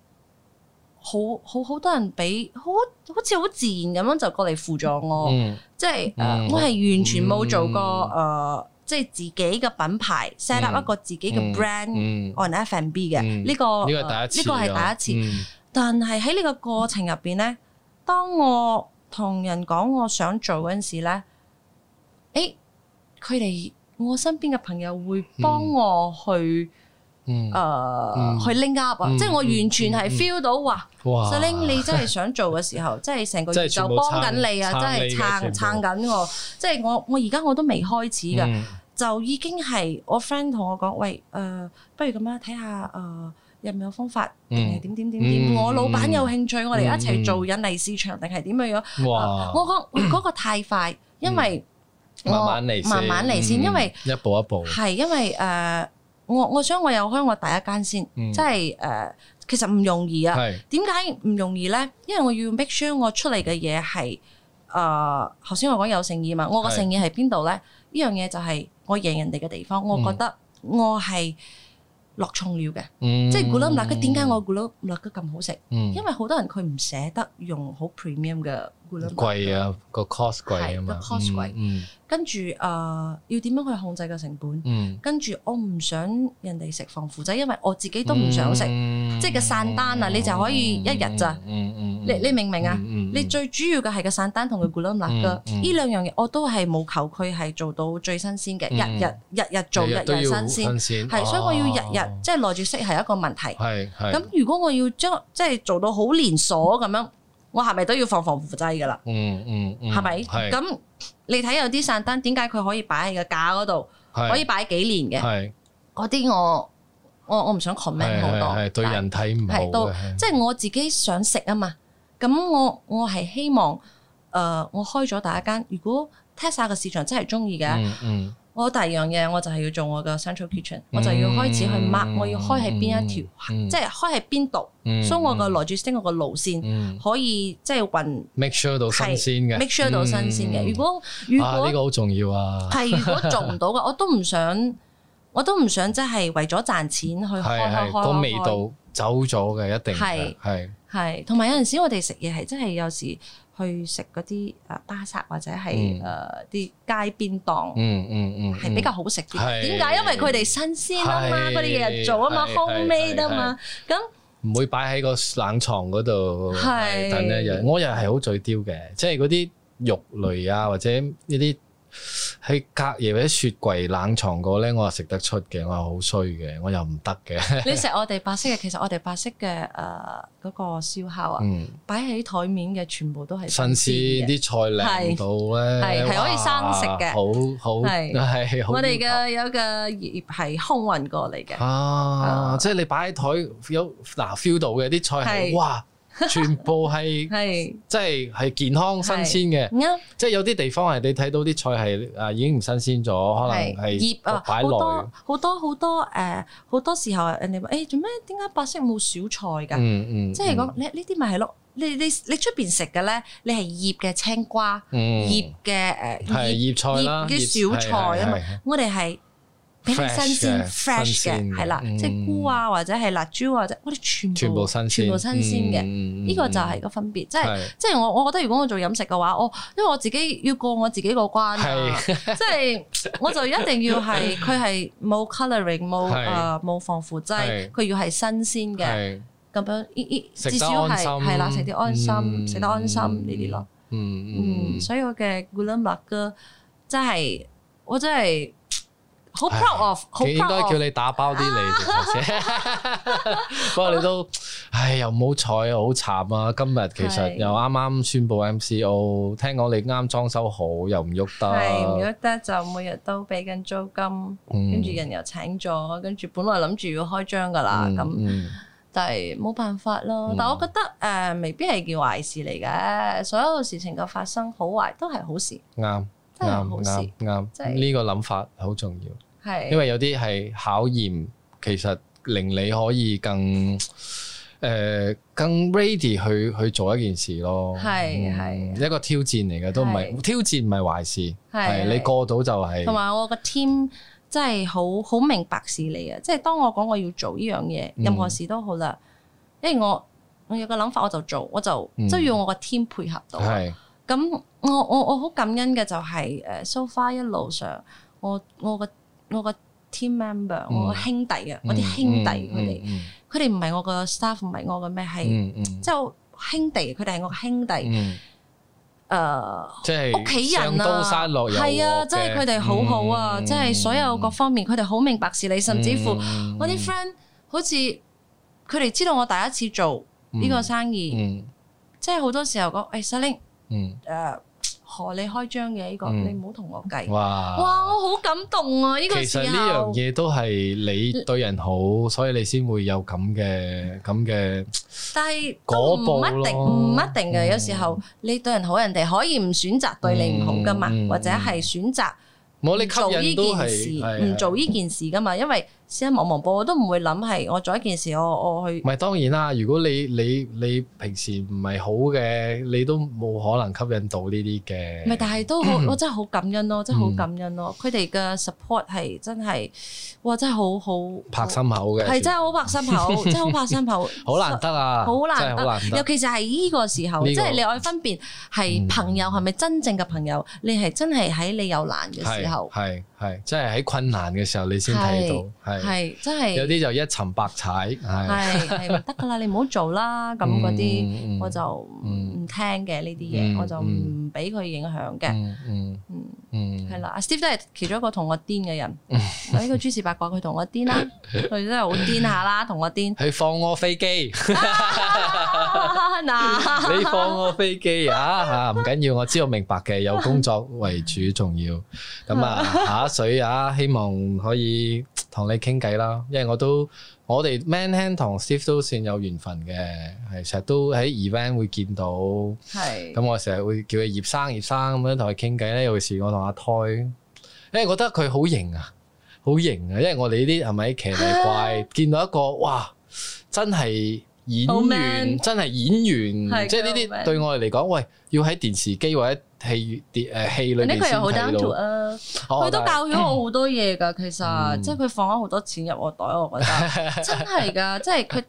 好好，好多人俾好好似好自然咁樣就過嚟輔助我。即係我係完全冇做過誒，即、呃、係、就是、自己嘅品牌 set up 一個自己嘅 brand own F&B 嘅呢、嗯，這個呢、呃，這個係第一,一次，但係喺呢個過程入邊呢。當我同人講我想做嗰陣時咧，誒佢哋我身邊嘅朋友會幫我去，誒去 link up 啊！即係我完全係 feel 到話 s,、嗯 S, 哇 Selina，你真係想做嘅時候，哇即係成個宇宙就幫緊你啊！真係撐部撐緊我，即係我我而家我都未開始噶，嗯、就已經係我 friend 同我講，喂誒、呃，不如咁啦，睇下誒。呃有唔有方法定係點點點點？我老闆有興趣，我哋一齊做引嚟市場定係點樣樣？哇呃、我講嗰、嗰個太快，因為、嗯、我慢慢嚟，慢慢嚟先，嗯、因為一步一步係因為誒、呃，我我想我又開我第一間先，即係誒，其實唔容易啊。點解唔容易咧？因為我要 make sure 我出嚟嘅嘢係誒，頭、呃、先我講有誠意嘛。我個誠意係邊度咧？呢樣嘢就係我贏人哋嘅地方。我覺得我係。落重料嘅，嗯、即係咕嚕辣。佢點解我咕嚕辣得咁好食？嗯、因為好多人佢唔捨得用好 premium 嘅。貴啊，個 cost 貴啊嘛嗯，跟住誒，要點樣去控制個成本？跟住我唔想人哋食防腐劑，因為我自己都唔想食，即係個散單啊，你就可以一日咋，你你明唔明啊？你最主要嘅係個散單同佢罐冷立嘅呢兩樣嘢，我都係冇求佢係做到最新鮮嘅，日日日日做日日新鮮，係，所以我要日日即係耐住色係一個問題，係，咁如果我要將即係做到好連鎖咁樣。我係咪都要放防，防腐劑㗎喇、嗯？嗯嗯，係咪吧？咁是你睇有啲散單，點解佢可以擺喺個架嗰度，是可以擺幾年嘅？係嗰啲我我我唔想 comment 好多，係對人體唔好嘅即係、就是、我自己想食啊嘛。咁我我係希望，誒、呃，我開咗第一間，如果 test 下個市場真係鍾意嘅，嗯。我第二樣嘢，我就係要做我嘅 central kitchen，我就要開始去 mark，我要開喺邊一條，嗯、即係開喺邊度，嗯、所以我嘅來住升我嘅路線、嗯、可以即係運 make sure 到新鮮嘅，make sure 到新鮮嘅、嗯。如果如果呢個好重要啊，係 如果做唔到嘅，我都唔想，我都唔想即係為咗賺錢去開開開開開，個味道走咗嘅一定係係係。同埋有陣時，我哋食嘢係真係有時。去食嗰啲誒巴薩或者係誒啲街邊檔，係、嗯嗯、比較好食啲。點解是？因為佢哋新鮮啊嘛，佢哋是日日做啊嘛，風味啊嘛。咁唔那是會擺喺個冷藏嗰度，等是是一日。我又係好嘴刁嘅，即係嗰啲肉類啊，或者呢啲。喺隔夜或者雪櫃冷藏過咧，我係食得出嘅，我係好衰嘅，我又唔得嘅。 你食我哋白色嘅，其實我哋白色嘅誒嗰個燒烤啊，擺喺台面嘅全部都係新鮮啲。啲菜靚到咧，係可以生食嘅，好好係係是我哋嘅有一個葉係空運過嚟嘅啊，啊即係你擺喺台有嗱、啊、feel 到嘅啲菜係是哇。全部係，係即係係健康新鮮嘅，即係有啲地方係你睇到啲菜係誒已經唔新鮮咗，可能係醃啊擺落好多好多好多誒好多時候人哋話誒做咩？點解白色冇小菜噶？嗯嗯，即係講你呢啲咪係咯？你你你出邊食嘅咧，你係醃嘅青瓜，醃嘅誒醃菜啦，啲小菜啊嘛，我哋係。比啲新鮮 fresh 嘅係啦，即係菇啊，或者係辣椒，或者嗰啲全部全部新鮮嘅，呢個就係個分別，即係即係我我覺得如果我做飲食嘅話，我因為我自己要過我自己個關，即係我就一定要係佢係冇 colouring 冇啊，冇防腐劑，佢要係新鮮嘅咁樣，至少係係啦，食啲安心，食得安心呢啲咯，嗯所以我嘅古冷白哥真係我真係。好 proud of，應該叫你打包啲你先。不過你都，唉，又唔好彩啊，好慘啊！今日其實又啱啱宣布 MCO，聽講你啱啱裝修好，又唔喐得，係唔喐得就每日都俾緊租金，跟住人又請咗，跟住本來諗住要開張噶啦，咁但係冇辦法咯。但係我覺得誒，未必係件壞事嚟嘅，所有事情嘅發生，好壞都係好事。啱。啱啱啱，呢是個諗法好重要，是因為有啲係考驗，其實令你可以更誒、呃、更 ready 去去做一件事咯，係係是、嗯、一個挑戰嚟嘅，是都唔係挑戰唔係壞事，係是你過到就係、是。同埋我個 team 真係好好明白事理嘅，即係當我講我要做呢樣嘢，任何事都好啦，嗯、因為我我有個諗法我就做，我就即係要我個 team 配合到。嗯是是咁 我我我好感恩嘅就係誒 so far 一路上，我我個我個 team member，我個兄弟啊，我啲兄弟佢哋佢哋唔係我個 staff 唔係我個咩，係，即係兄弟佢哋係我個兄弟。誒、嗯，即係屋企人啊山路，係啊對，真係佢哋好好啊！即係、嗯、所有各方面，佢哋好明白事理，嗯、甚至乎我啲 friend 好似佢哋知道我第一次做呢個生意，即係好多時候講誒嗯，誒何你開張嘅呢、這個，嗯、你唔好同我計。哇！哇，我好感動啊！呢、這個事其實呢樣嘢都係你對人好，所以你先會有咁嘅咁嘅。嗯、但係都唔一定，唔一定嘅。嗯、有時候你對人好，人哋可以唔選擇對你唔好噶嘛，嗯嗯、或者係選擇唔做呢件事，唔、嗯嗯嗯、做呢件事噶嘛，因為、嗯。嗯嗯嗯嗯嗯嗯先望，忙部，我都唔會諗係我做一件事，我我去。唔係當然啦，如果你你你平時唔係好嘅，你都冇可能吸引到呢啲嘅。唔係，但係都好，我真係好感恩咯，真係好感恩咯。佢哋嘅 support 係真係，哇！真係好好，拍心口嘅。係真係好拍心口，真係好拍心口。好難得啊！好難得，尤其是係呢個時候，即係你愛分辨係朋友係咪真正嘅朋友，你係真係喺你有難嘅時候。係，即係喺困難嘅時候，你先睇到。係，係，真係。有啲就一沉百踩。係，係唔得噶啦，你唔好做啦。咁嗰啲，我就唔聽嘅呢啲嘢，我就唔俾佢影響嘅。嗯嗯係啦，阿 Steve 都係其中一個同我癲嘅人。呢個諸事八卦，佢同我癲啦，佢真係好癲下啦，同我癲。佢放我飛機。嗱，你放我飛機啊？吓，唔緊要，我知道明白嘅，有工作為主重要。咁啊，吓。水啊！希望可以同你傾偈啦，因為我都我哋 Man Hand 同 Steve 都算有緣分嘅，係成日都喺 event 會見到，係咁是我成日會叫佢葉生葉生咁樣同佢傾偈咧。有時我同阿胎，因為覺得佢好型啊，好型啊，因為我哋呢啲係咪騎呢怪，啊、見到一個哇，真係演員，A man? 真係演員，是即係呢啲對我哋嚟講，A man? 喂。要喺電視機或者戲碟誒戲裏面呢個又好 down to earth！佢都教咗我好多嘢㗎，其實即係佢放咗好多錢入我袋，我覺得真係㗎，即係佢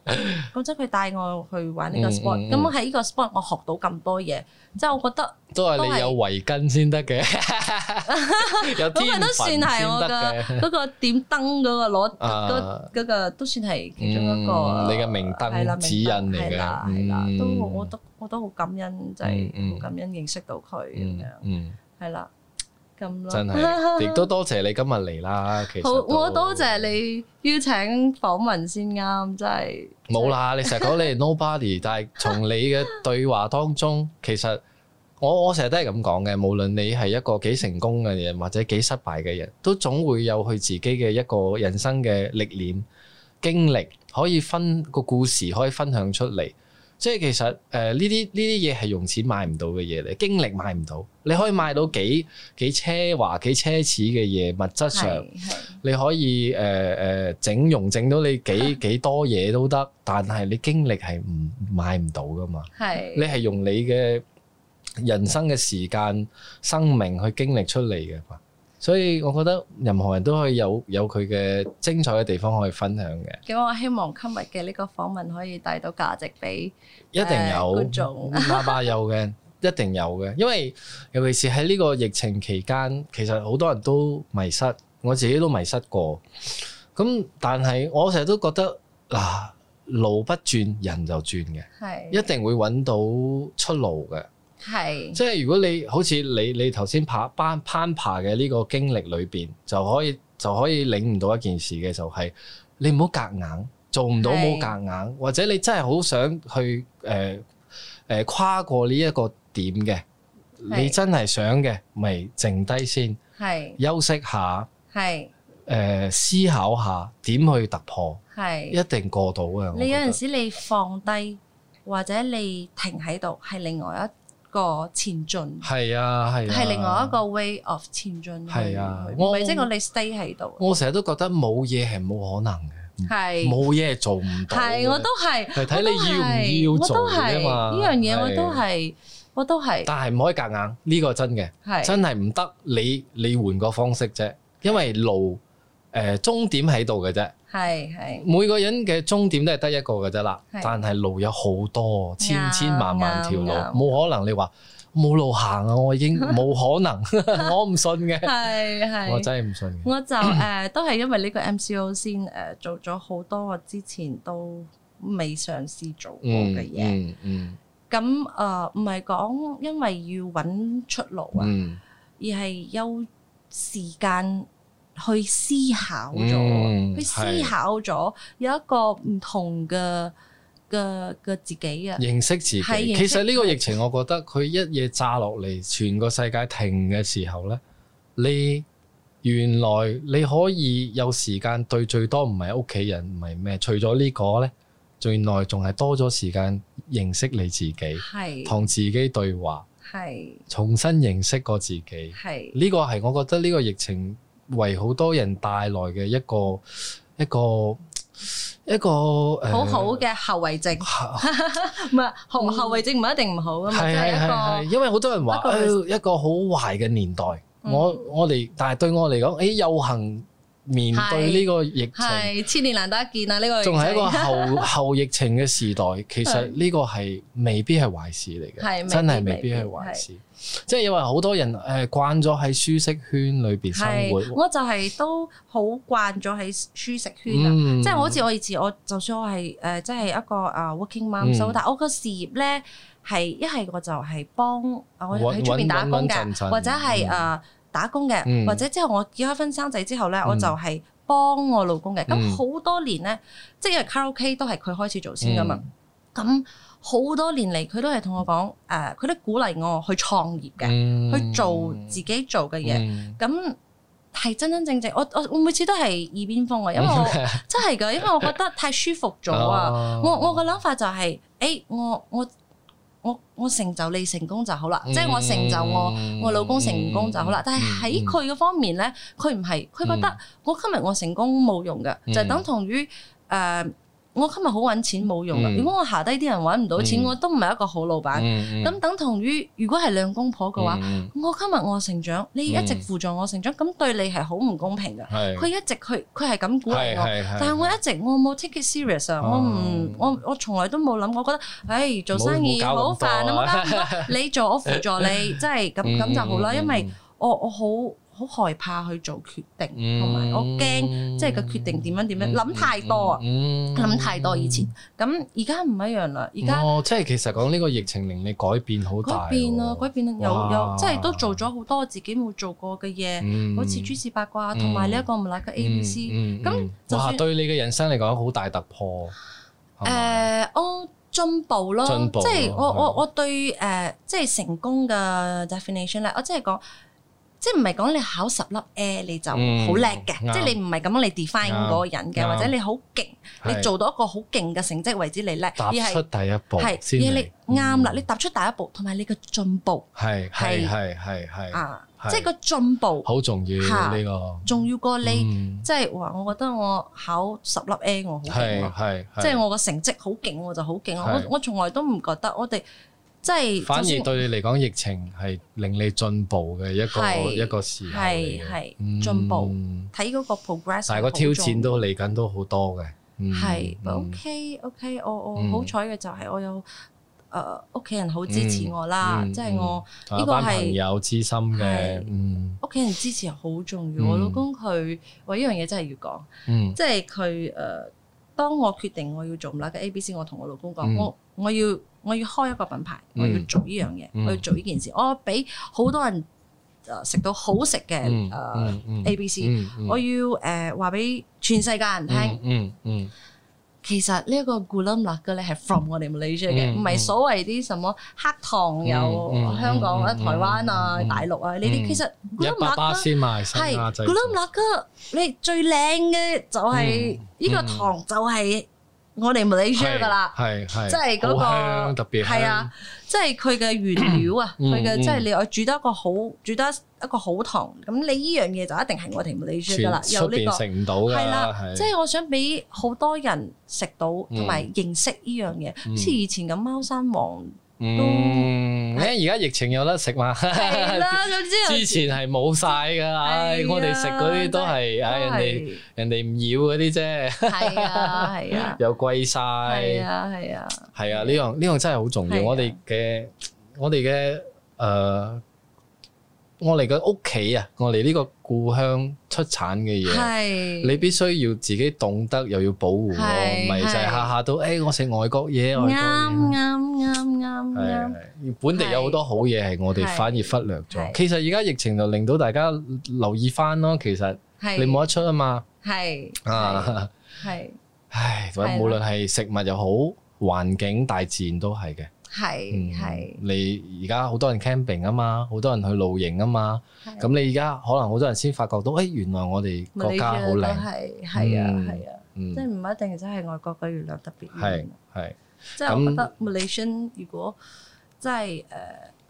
講真，佢帶我去玩呢個 sport，咁喺呢個 sport 我學到咁多嘢，即係我覺得都係你有圍巾先得嘅，咁佢都算係我嘅嗰個點燈嗰個攞嗰嗰個都算係其中一個你嘅明燈指引嚟㗎，係啦，都我覺得。我都好感恩，就係好感恩認識到佢咁樣，係啦，咁囉，亦都多謝你今日嚟啦。其實好，我多謝你邀請訪問先啱，真係。冇啦，你成日講你係 Nobody，但係從你嘅對話當中，其實我我成日都係咁講嘅，無論你係一個幾成功嘅人，或者幾失敗嘅人，都總會有佢自己嘅一個人生嘅歷練經歷，可以分個故事可以分享出嚟。即係其實誒呢啲呢啲嘢係用錢買唔到嘅嘢嚟，經歷買唔到。你可以買到幾幾奢華、幾奢侈嘅嘢，物質上你可以誒誒、呃呃、整容整到你幾幾多嘢都得，但係你經歷係唔買唔到㗎嘛。係是你係用你嘅人生嘅時間、生命去經歷出嚟嘅嘛。所以我覺得任何人都可以有有佢嘅精彩嘅地方可以分享嘅。咁我希望今日嘅呢個訪問可以帶到價值俾，一定有，阿爸有嘅，一定有嘅。因為尤其是喺呢個疫情期間，其實好多人都迷失，我自己都迷失過。咁但係我成日都覺得嗱，路不轉人就轉嘅，係，一定會揾到出路嘅。係，是即係如果你好似你你頭先爬攀攀爬嘅呢個經歷裏邊，就可以就可以領悟到一件事嘅就係、是，你唔好夾硬，做唔到冇夾硬，或者你真係好想去誒誒、呃呃、跨過呢一個點嘅，是你真係想嘅，咪靜低先，係是休息下，係誒是、呃、思考下點去突破，係是一定過到嘅。你有陣時你放低或者你停喺度，係另外一。個前進係啊，係係另外一個 way of 前進。係啊，我咪即係我哋 stay 喺度。我成日都覺得冇嘢係冇可能嘅，冇嘢做唔到。係我都係，睇你要唔要，我都係，我都係。呢樣嘢我都係，我都係。但係唔可以夾硬，呢個真嘅係真係唔得。你你換個方式啫，因為路。誒終點喺度嘅啫，係係每個人嘅終點都係得一個嘅啫啦。但係路有好多，千千萬萬條路，冇可能你話冇路行啊！我已經冇可能，我唔信嘅，我真係唔信。我就誒都係因為呢個 MCO 先誒做咗好多我之前都未嘗試做過嘅嘢。嗯嗯。咁啊，唔係講因為要搵出路啊，而係有時間。去思考咗，嗯、去思考咗，有一個唔同嘅嘅自己啊！認識自己，是其實呢個疫情，的我覺得佢一夜炸落嚟，全個世界停嘅時候咧，你原來你可以有時間對最多唔係屋企人，唔係咩，除咗呢、呢個咧，最耐仲係多咗時間認識你自己，係同的自己對話，係的重新認識過自己，係呢的個係我覺得呢個疫情。為好多人帶來嘅一個一個一個誒，呃、好好嘅後遺症，唔 係後後遺症唔一定唔好啊，係係係，因為好多人話誒一個好壞嘅年代，我我哋但係對我嚟講，誒有幸。面對呢個疫情千年難得一見啊！呢、這個仲係一個後後疫情嘅時代，其實呢個係未必係壞事嚟嘅，真係未必係壞事。即係是因為好多人誒慣咗喺舒適圈裏邊生活，我就係都慣、嗯、好慣咗喺舒適圈啊！即係好似我以前，我就算我係誒，即、呃、係、就是、一個啊、uh, working mom s S、嗯、但係我個事業咧係一係我就係幫、啊、我喺出邊打工㗎、嗯嗯嗯嗯嗯，或者係誒。嗯嗯打工嘅，嗯、或者之後我結咗婚生仔之後咧，嗯、我就係幫我老公嘅。咁好、嗯、多年咧，即係因為卡拉 OK 都係佢開始做先噶嘛。咁好多年嚟，佢都係同我講，誒，佢都鼓勵我去創業嘅，嗯、去做自己做嘅嘢。咁係、嗯、真真正正，我我我每次都係耳邊風啊，因為 真係噶，因為我覺得太舒服咗啊。哦、我我個諗法就係、是，誒、欸，我我。我我我成就你成功就好啦，即係我成就我我老公成功就好啦。但係喺佢嘅方面咧，佢唔係佢覺得我今日我成功冇用嘅，嗯、就等同於誒。呃我今日好揾錢冇用啦，如果我下低啲人揾唔到錢，我都唔係一個好老闆。咁等同於如果係兩公婆嘅話，我今日我成長，你一直輔助我成長，咁對你係好唔公平㗎。佢一直去佢佢係咁鼓勵我，但係我一直我冇 take it serious 啊，我唔我我從來都冇諗，我覺得唉做生意好煩，唔該唔該，你做我輔助你，即係咁咁就好啦，因為我我好。好害怕去做決定，同埋我驚，即係個決定點樣點樣，諗太多啊，諗太多以前。咁而家唔一樣啦，而家哦，即係其實講呢個疫情令你改變好大。改變啊，改變！有有，即係都做咗好多自己冇做過嘅嘢，好似《諸事八卦》同埋呢一個唔賴嘅 A B C。咁就對你嘅人生嚟講，好大突破。誒，我進步咯，即係我我我對誒，即係成功嘅 definition 咧，我即係講。即係唔係講你考十粒 A 你就好叻嘅？即係你唔係咁樣你 define 嗰個人嘅，或者你好勁，你做到一個好勁嘅成績為止你叻，而踏出第一步先係啱啦。你踏出第一步，同埋你嘅進步係係係係啊！即係個進步好重要呢個，仲要過你即係話，我覺得我考十粒 A 我係係，即係我個成績好勁，我就好勁。我我從來都唔覺得我哋。即係反而對你嚟講，疫情係令你進步嘅一個一個時候，係係進步。睇嗰個 progress，但係個挑戰都嚟緊都好多嘅。係 OK OK，我我好彩嘅就係我有誒屋企人好支持我啦，即係我呢個朋友之心嘅。屋企人支持好重要。我老公佢，我呢樣嘢真係要講。即係佢誒，當我決定我要做唔甩嘅 A B C，我同我老公講，我我要。我要開一個品牌，我要做依樣嘢，我要做依件事，我俾好多人誒食到好食嘅誒 A B C。我要誒話俾全世界人聽，其實呢一個 Gula Melaka 咧係 from 我哋 Malaysia 嘅，唔係所謂啲什麼黑糖有香港啊、台灣啊、大陸啊呢啲。其實 Gula Melaka 係 Gula Melaka，你最靚嘅就係依個糖就係。我哋馬來西亞嘅啦，即係嗰、那個係啊，即係佢嘅原料啊，佢嘅 即係你我煮得一個好煮得一個好糖，咁你呢樣嘢就一定係我哋馬來西亞嘅啦，宿有呢、這個食唔到嘅係啦，啊、是即係我想俾好多人食到同埋認識呢樣嘢，似、嗯、以前咁貓山王。嗯，咧而家疫情有得食嘛？總之，之前係冇晒噶，唉了、哎，我哋食嗰啲都係唉，人哋家了人哋唔要嗰啲啫。係啊係啊，又貴晒。係啊係啊，係啊呢樣呢樣真係好重要。了我哋嘅我哋嘅誒。呃我嚟個屋企啊！我嚟呢個故鄉出產嘅嘢，是你必須要自己懂得又要保護咯，唔係是就係下下都，誒的、哎、我食外國嘢，啱啱啱啱啱，本地有好多好嘢係我哋反而忽略咗。其實而家疫情就令到大家留意翻咯，其實的你冇得出啊嘛，係啊，係，唉，無論係食物又好，環境、大自然都係嘅。係，係、嗯、你而家好多人 camping 啊嘛，好多人去露營啊嘛。咁、啊、你而家可能好多人先發覺到，哎，原來我哋國家好靚。係，係啊，係、嗯、啊，啊嗯、即係唔一定，真係外國嘅月亮特別靚。係，即係我覺得 Malaysia、嗯、如果真係誒，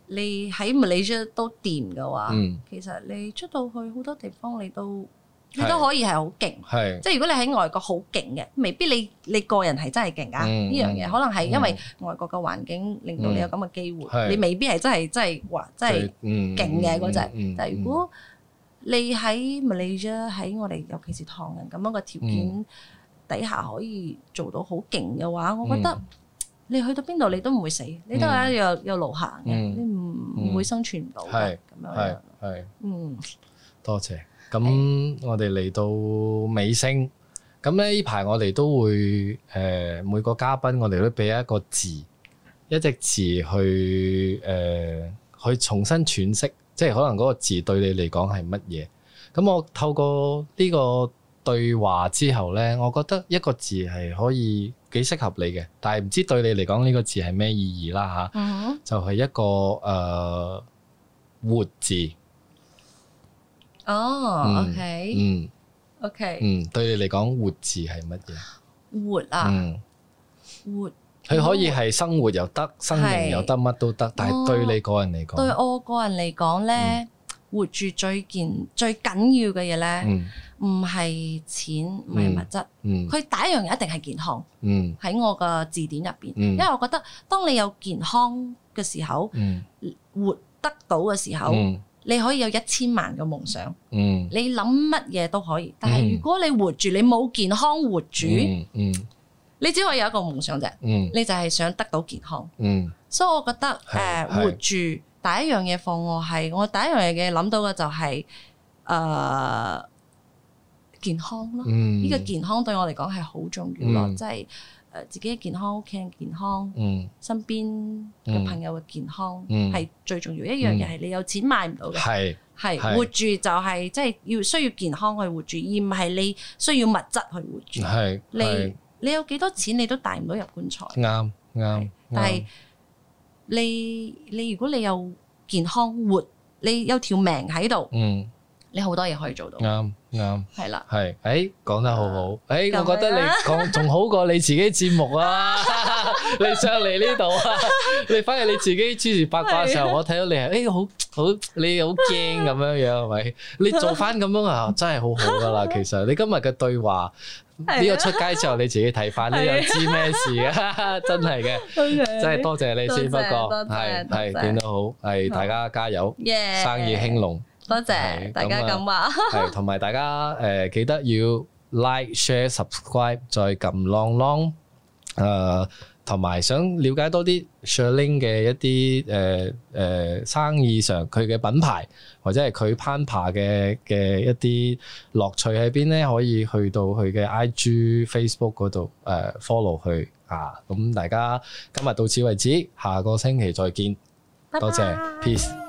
你喺 Malaysia 都掂嘅話，嗯、其實你出到去好多地方你都。你都可以係好勁，即係如果你喺外國好勁嘅，未必你你個人係真係勁㗎。呢樣嘢可能係因為外國嘅環境令到你有咁嘅機會，你未必係真係真係話真係勁嘅嗰隻。但係如果你喺 Malaysia 喺我哋，尤其是唐人咁樣嘅條件底下，可以做到好勁嘅話，我覺得你去到邊度你都唔會死，你都係有有路行嘅，你唔唔會生存唔到嘅。咁樣係係嗯，多謝。咁、嗯、我哋嚟到尾聲，咁呢排我哋都會誒、呃、每個嘉賓，我哋都俾一個字，一隻字去誒、呃、去重新詮釋，即係可能嗰個字對你嚟講係乜嘢。咁我透過呢個對話之後呢，我覺得一個字係可以幾適合你嘅，但係唔知對你嚟講呢個字係咩意義啦吓，嗯、哼就係一個誒、呃、活字。哦，OK，嗯，OK，嗯，對你嚟講，活字係乜嘢？活啊，活，佢可以係生活又得，生命又得，乜都得。但係對你個人嚟講，對我個人嚟講咧，活住最健最緊要嘅嘢咧，唔係錢，唔係物質，嗯，佢第一樣嘢一定係健康，嗯，喺我嘅字典入邊，嗯，因為我覺得當你有健康嘅時候，嗯，活得到嘅時候，嗯。你可以有一千萬嘅夢想，嗯、你諗乜嘢都可以。但係如果你活住，你冇健康活住，嗯嗯、你只可以有一個夢想啫。嗯、你就係想得到健康。所以、嗯 so，我覺得，誒，活住第一樣嘢放我係、就是，我第一樣嘢嘅諗到嘅就係誒健康咯。呢、嗯、個健康對我嚟講係好重要咯，即係、嗯。就是自己嘅健康，屋企人健康，身邊嘅朋友嘅健康，係最重要一樣嘢，係你有錢買唔到嘅，係係活住就係即係要需要健康去活住，而唔係你需要物質去活住。係你你有幾多錢你都帶唔到入棺材。啱啱，但係你你如果你有健康活，你有條命喺度，你好多嘢可以做到。啱。啱，係啦，係，誒，講得好好，誒，我覺得你講仲好過你自己節目啊，你上嚟呢度啊，你反而你自己諸事八卦嘅時候，我睇到你係誒好好，你好驚咁樣樣係咪？你做翻咁樣啊，真係好好噶啦，其實你今日嘅對話呢個出街之後你自己睇法睇返，你又知咩事啊？真係嘅，真係多謝你先，不過係係點都好，係大家加油，生意興隆。多謝，謝對大家咁話，係同埋大家誒、呃、記得要 like、share、subscribe，再撳 long long，誒，同、呃、埋想了解多啲 Shirling 嘅一啲誒誒生意上佢嘅品牌，或者係佢攀爬嘅嘅一啲樂趣喺邊咧，可以去到佢嘅 IG、Facebook 嗰度誒、呃、follow 佢啊。咁大家今日到此為止，下個星期再見，bye bye 多謝，peace。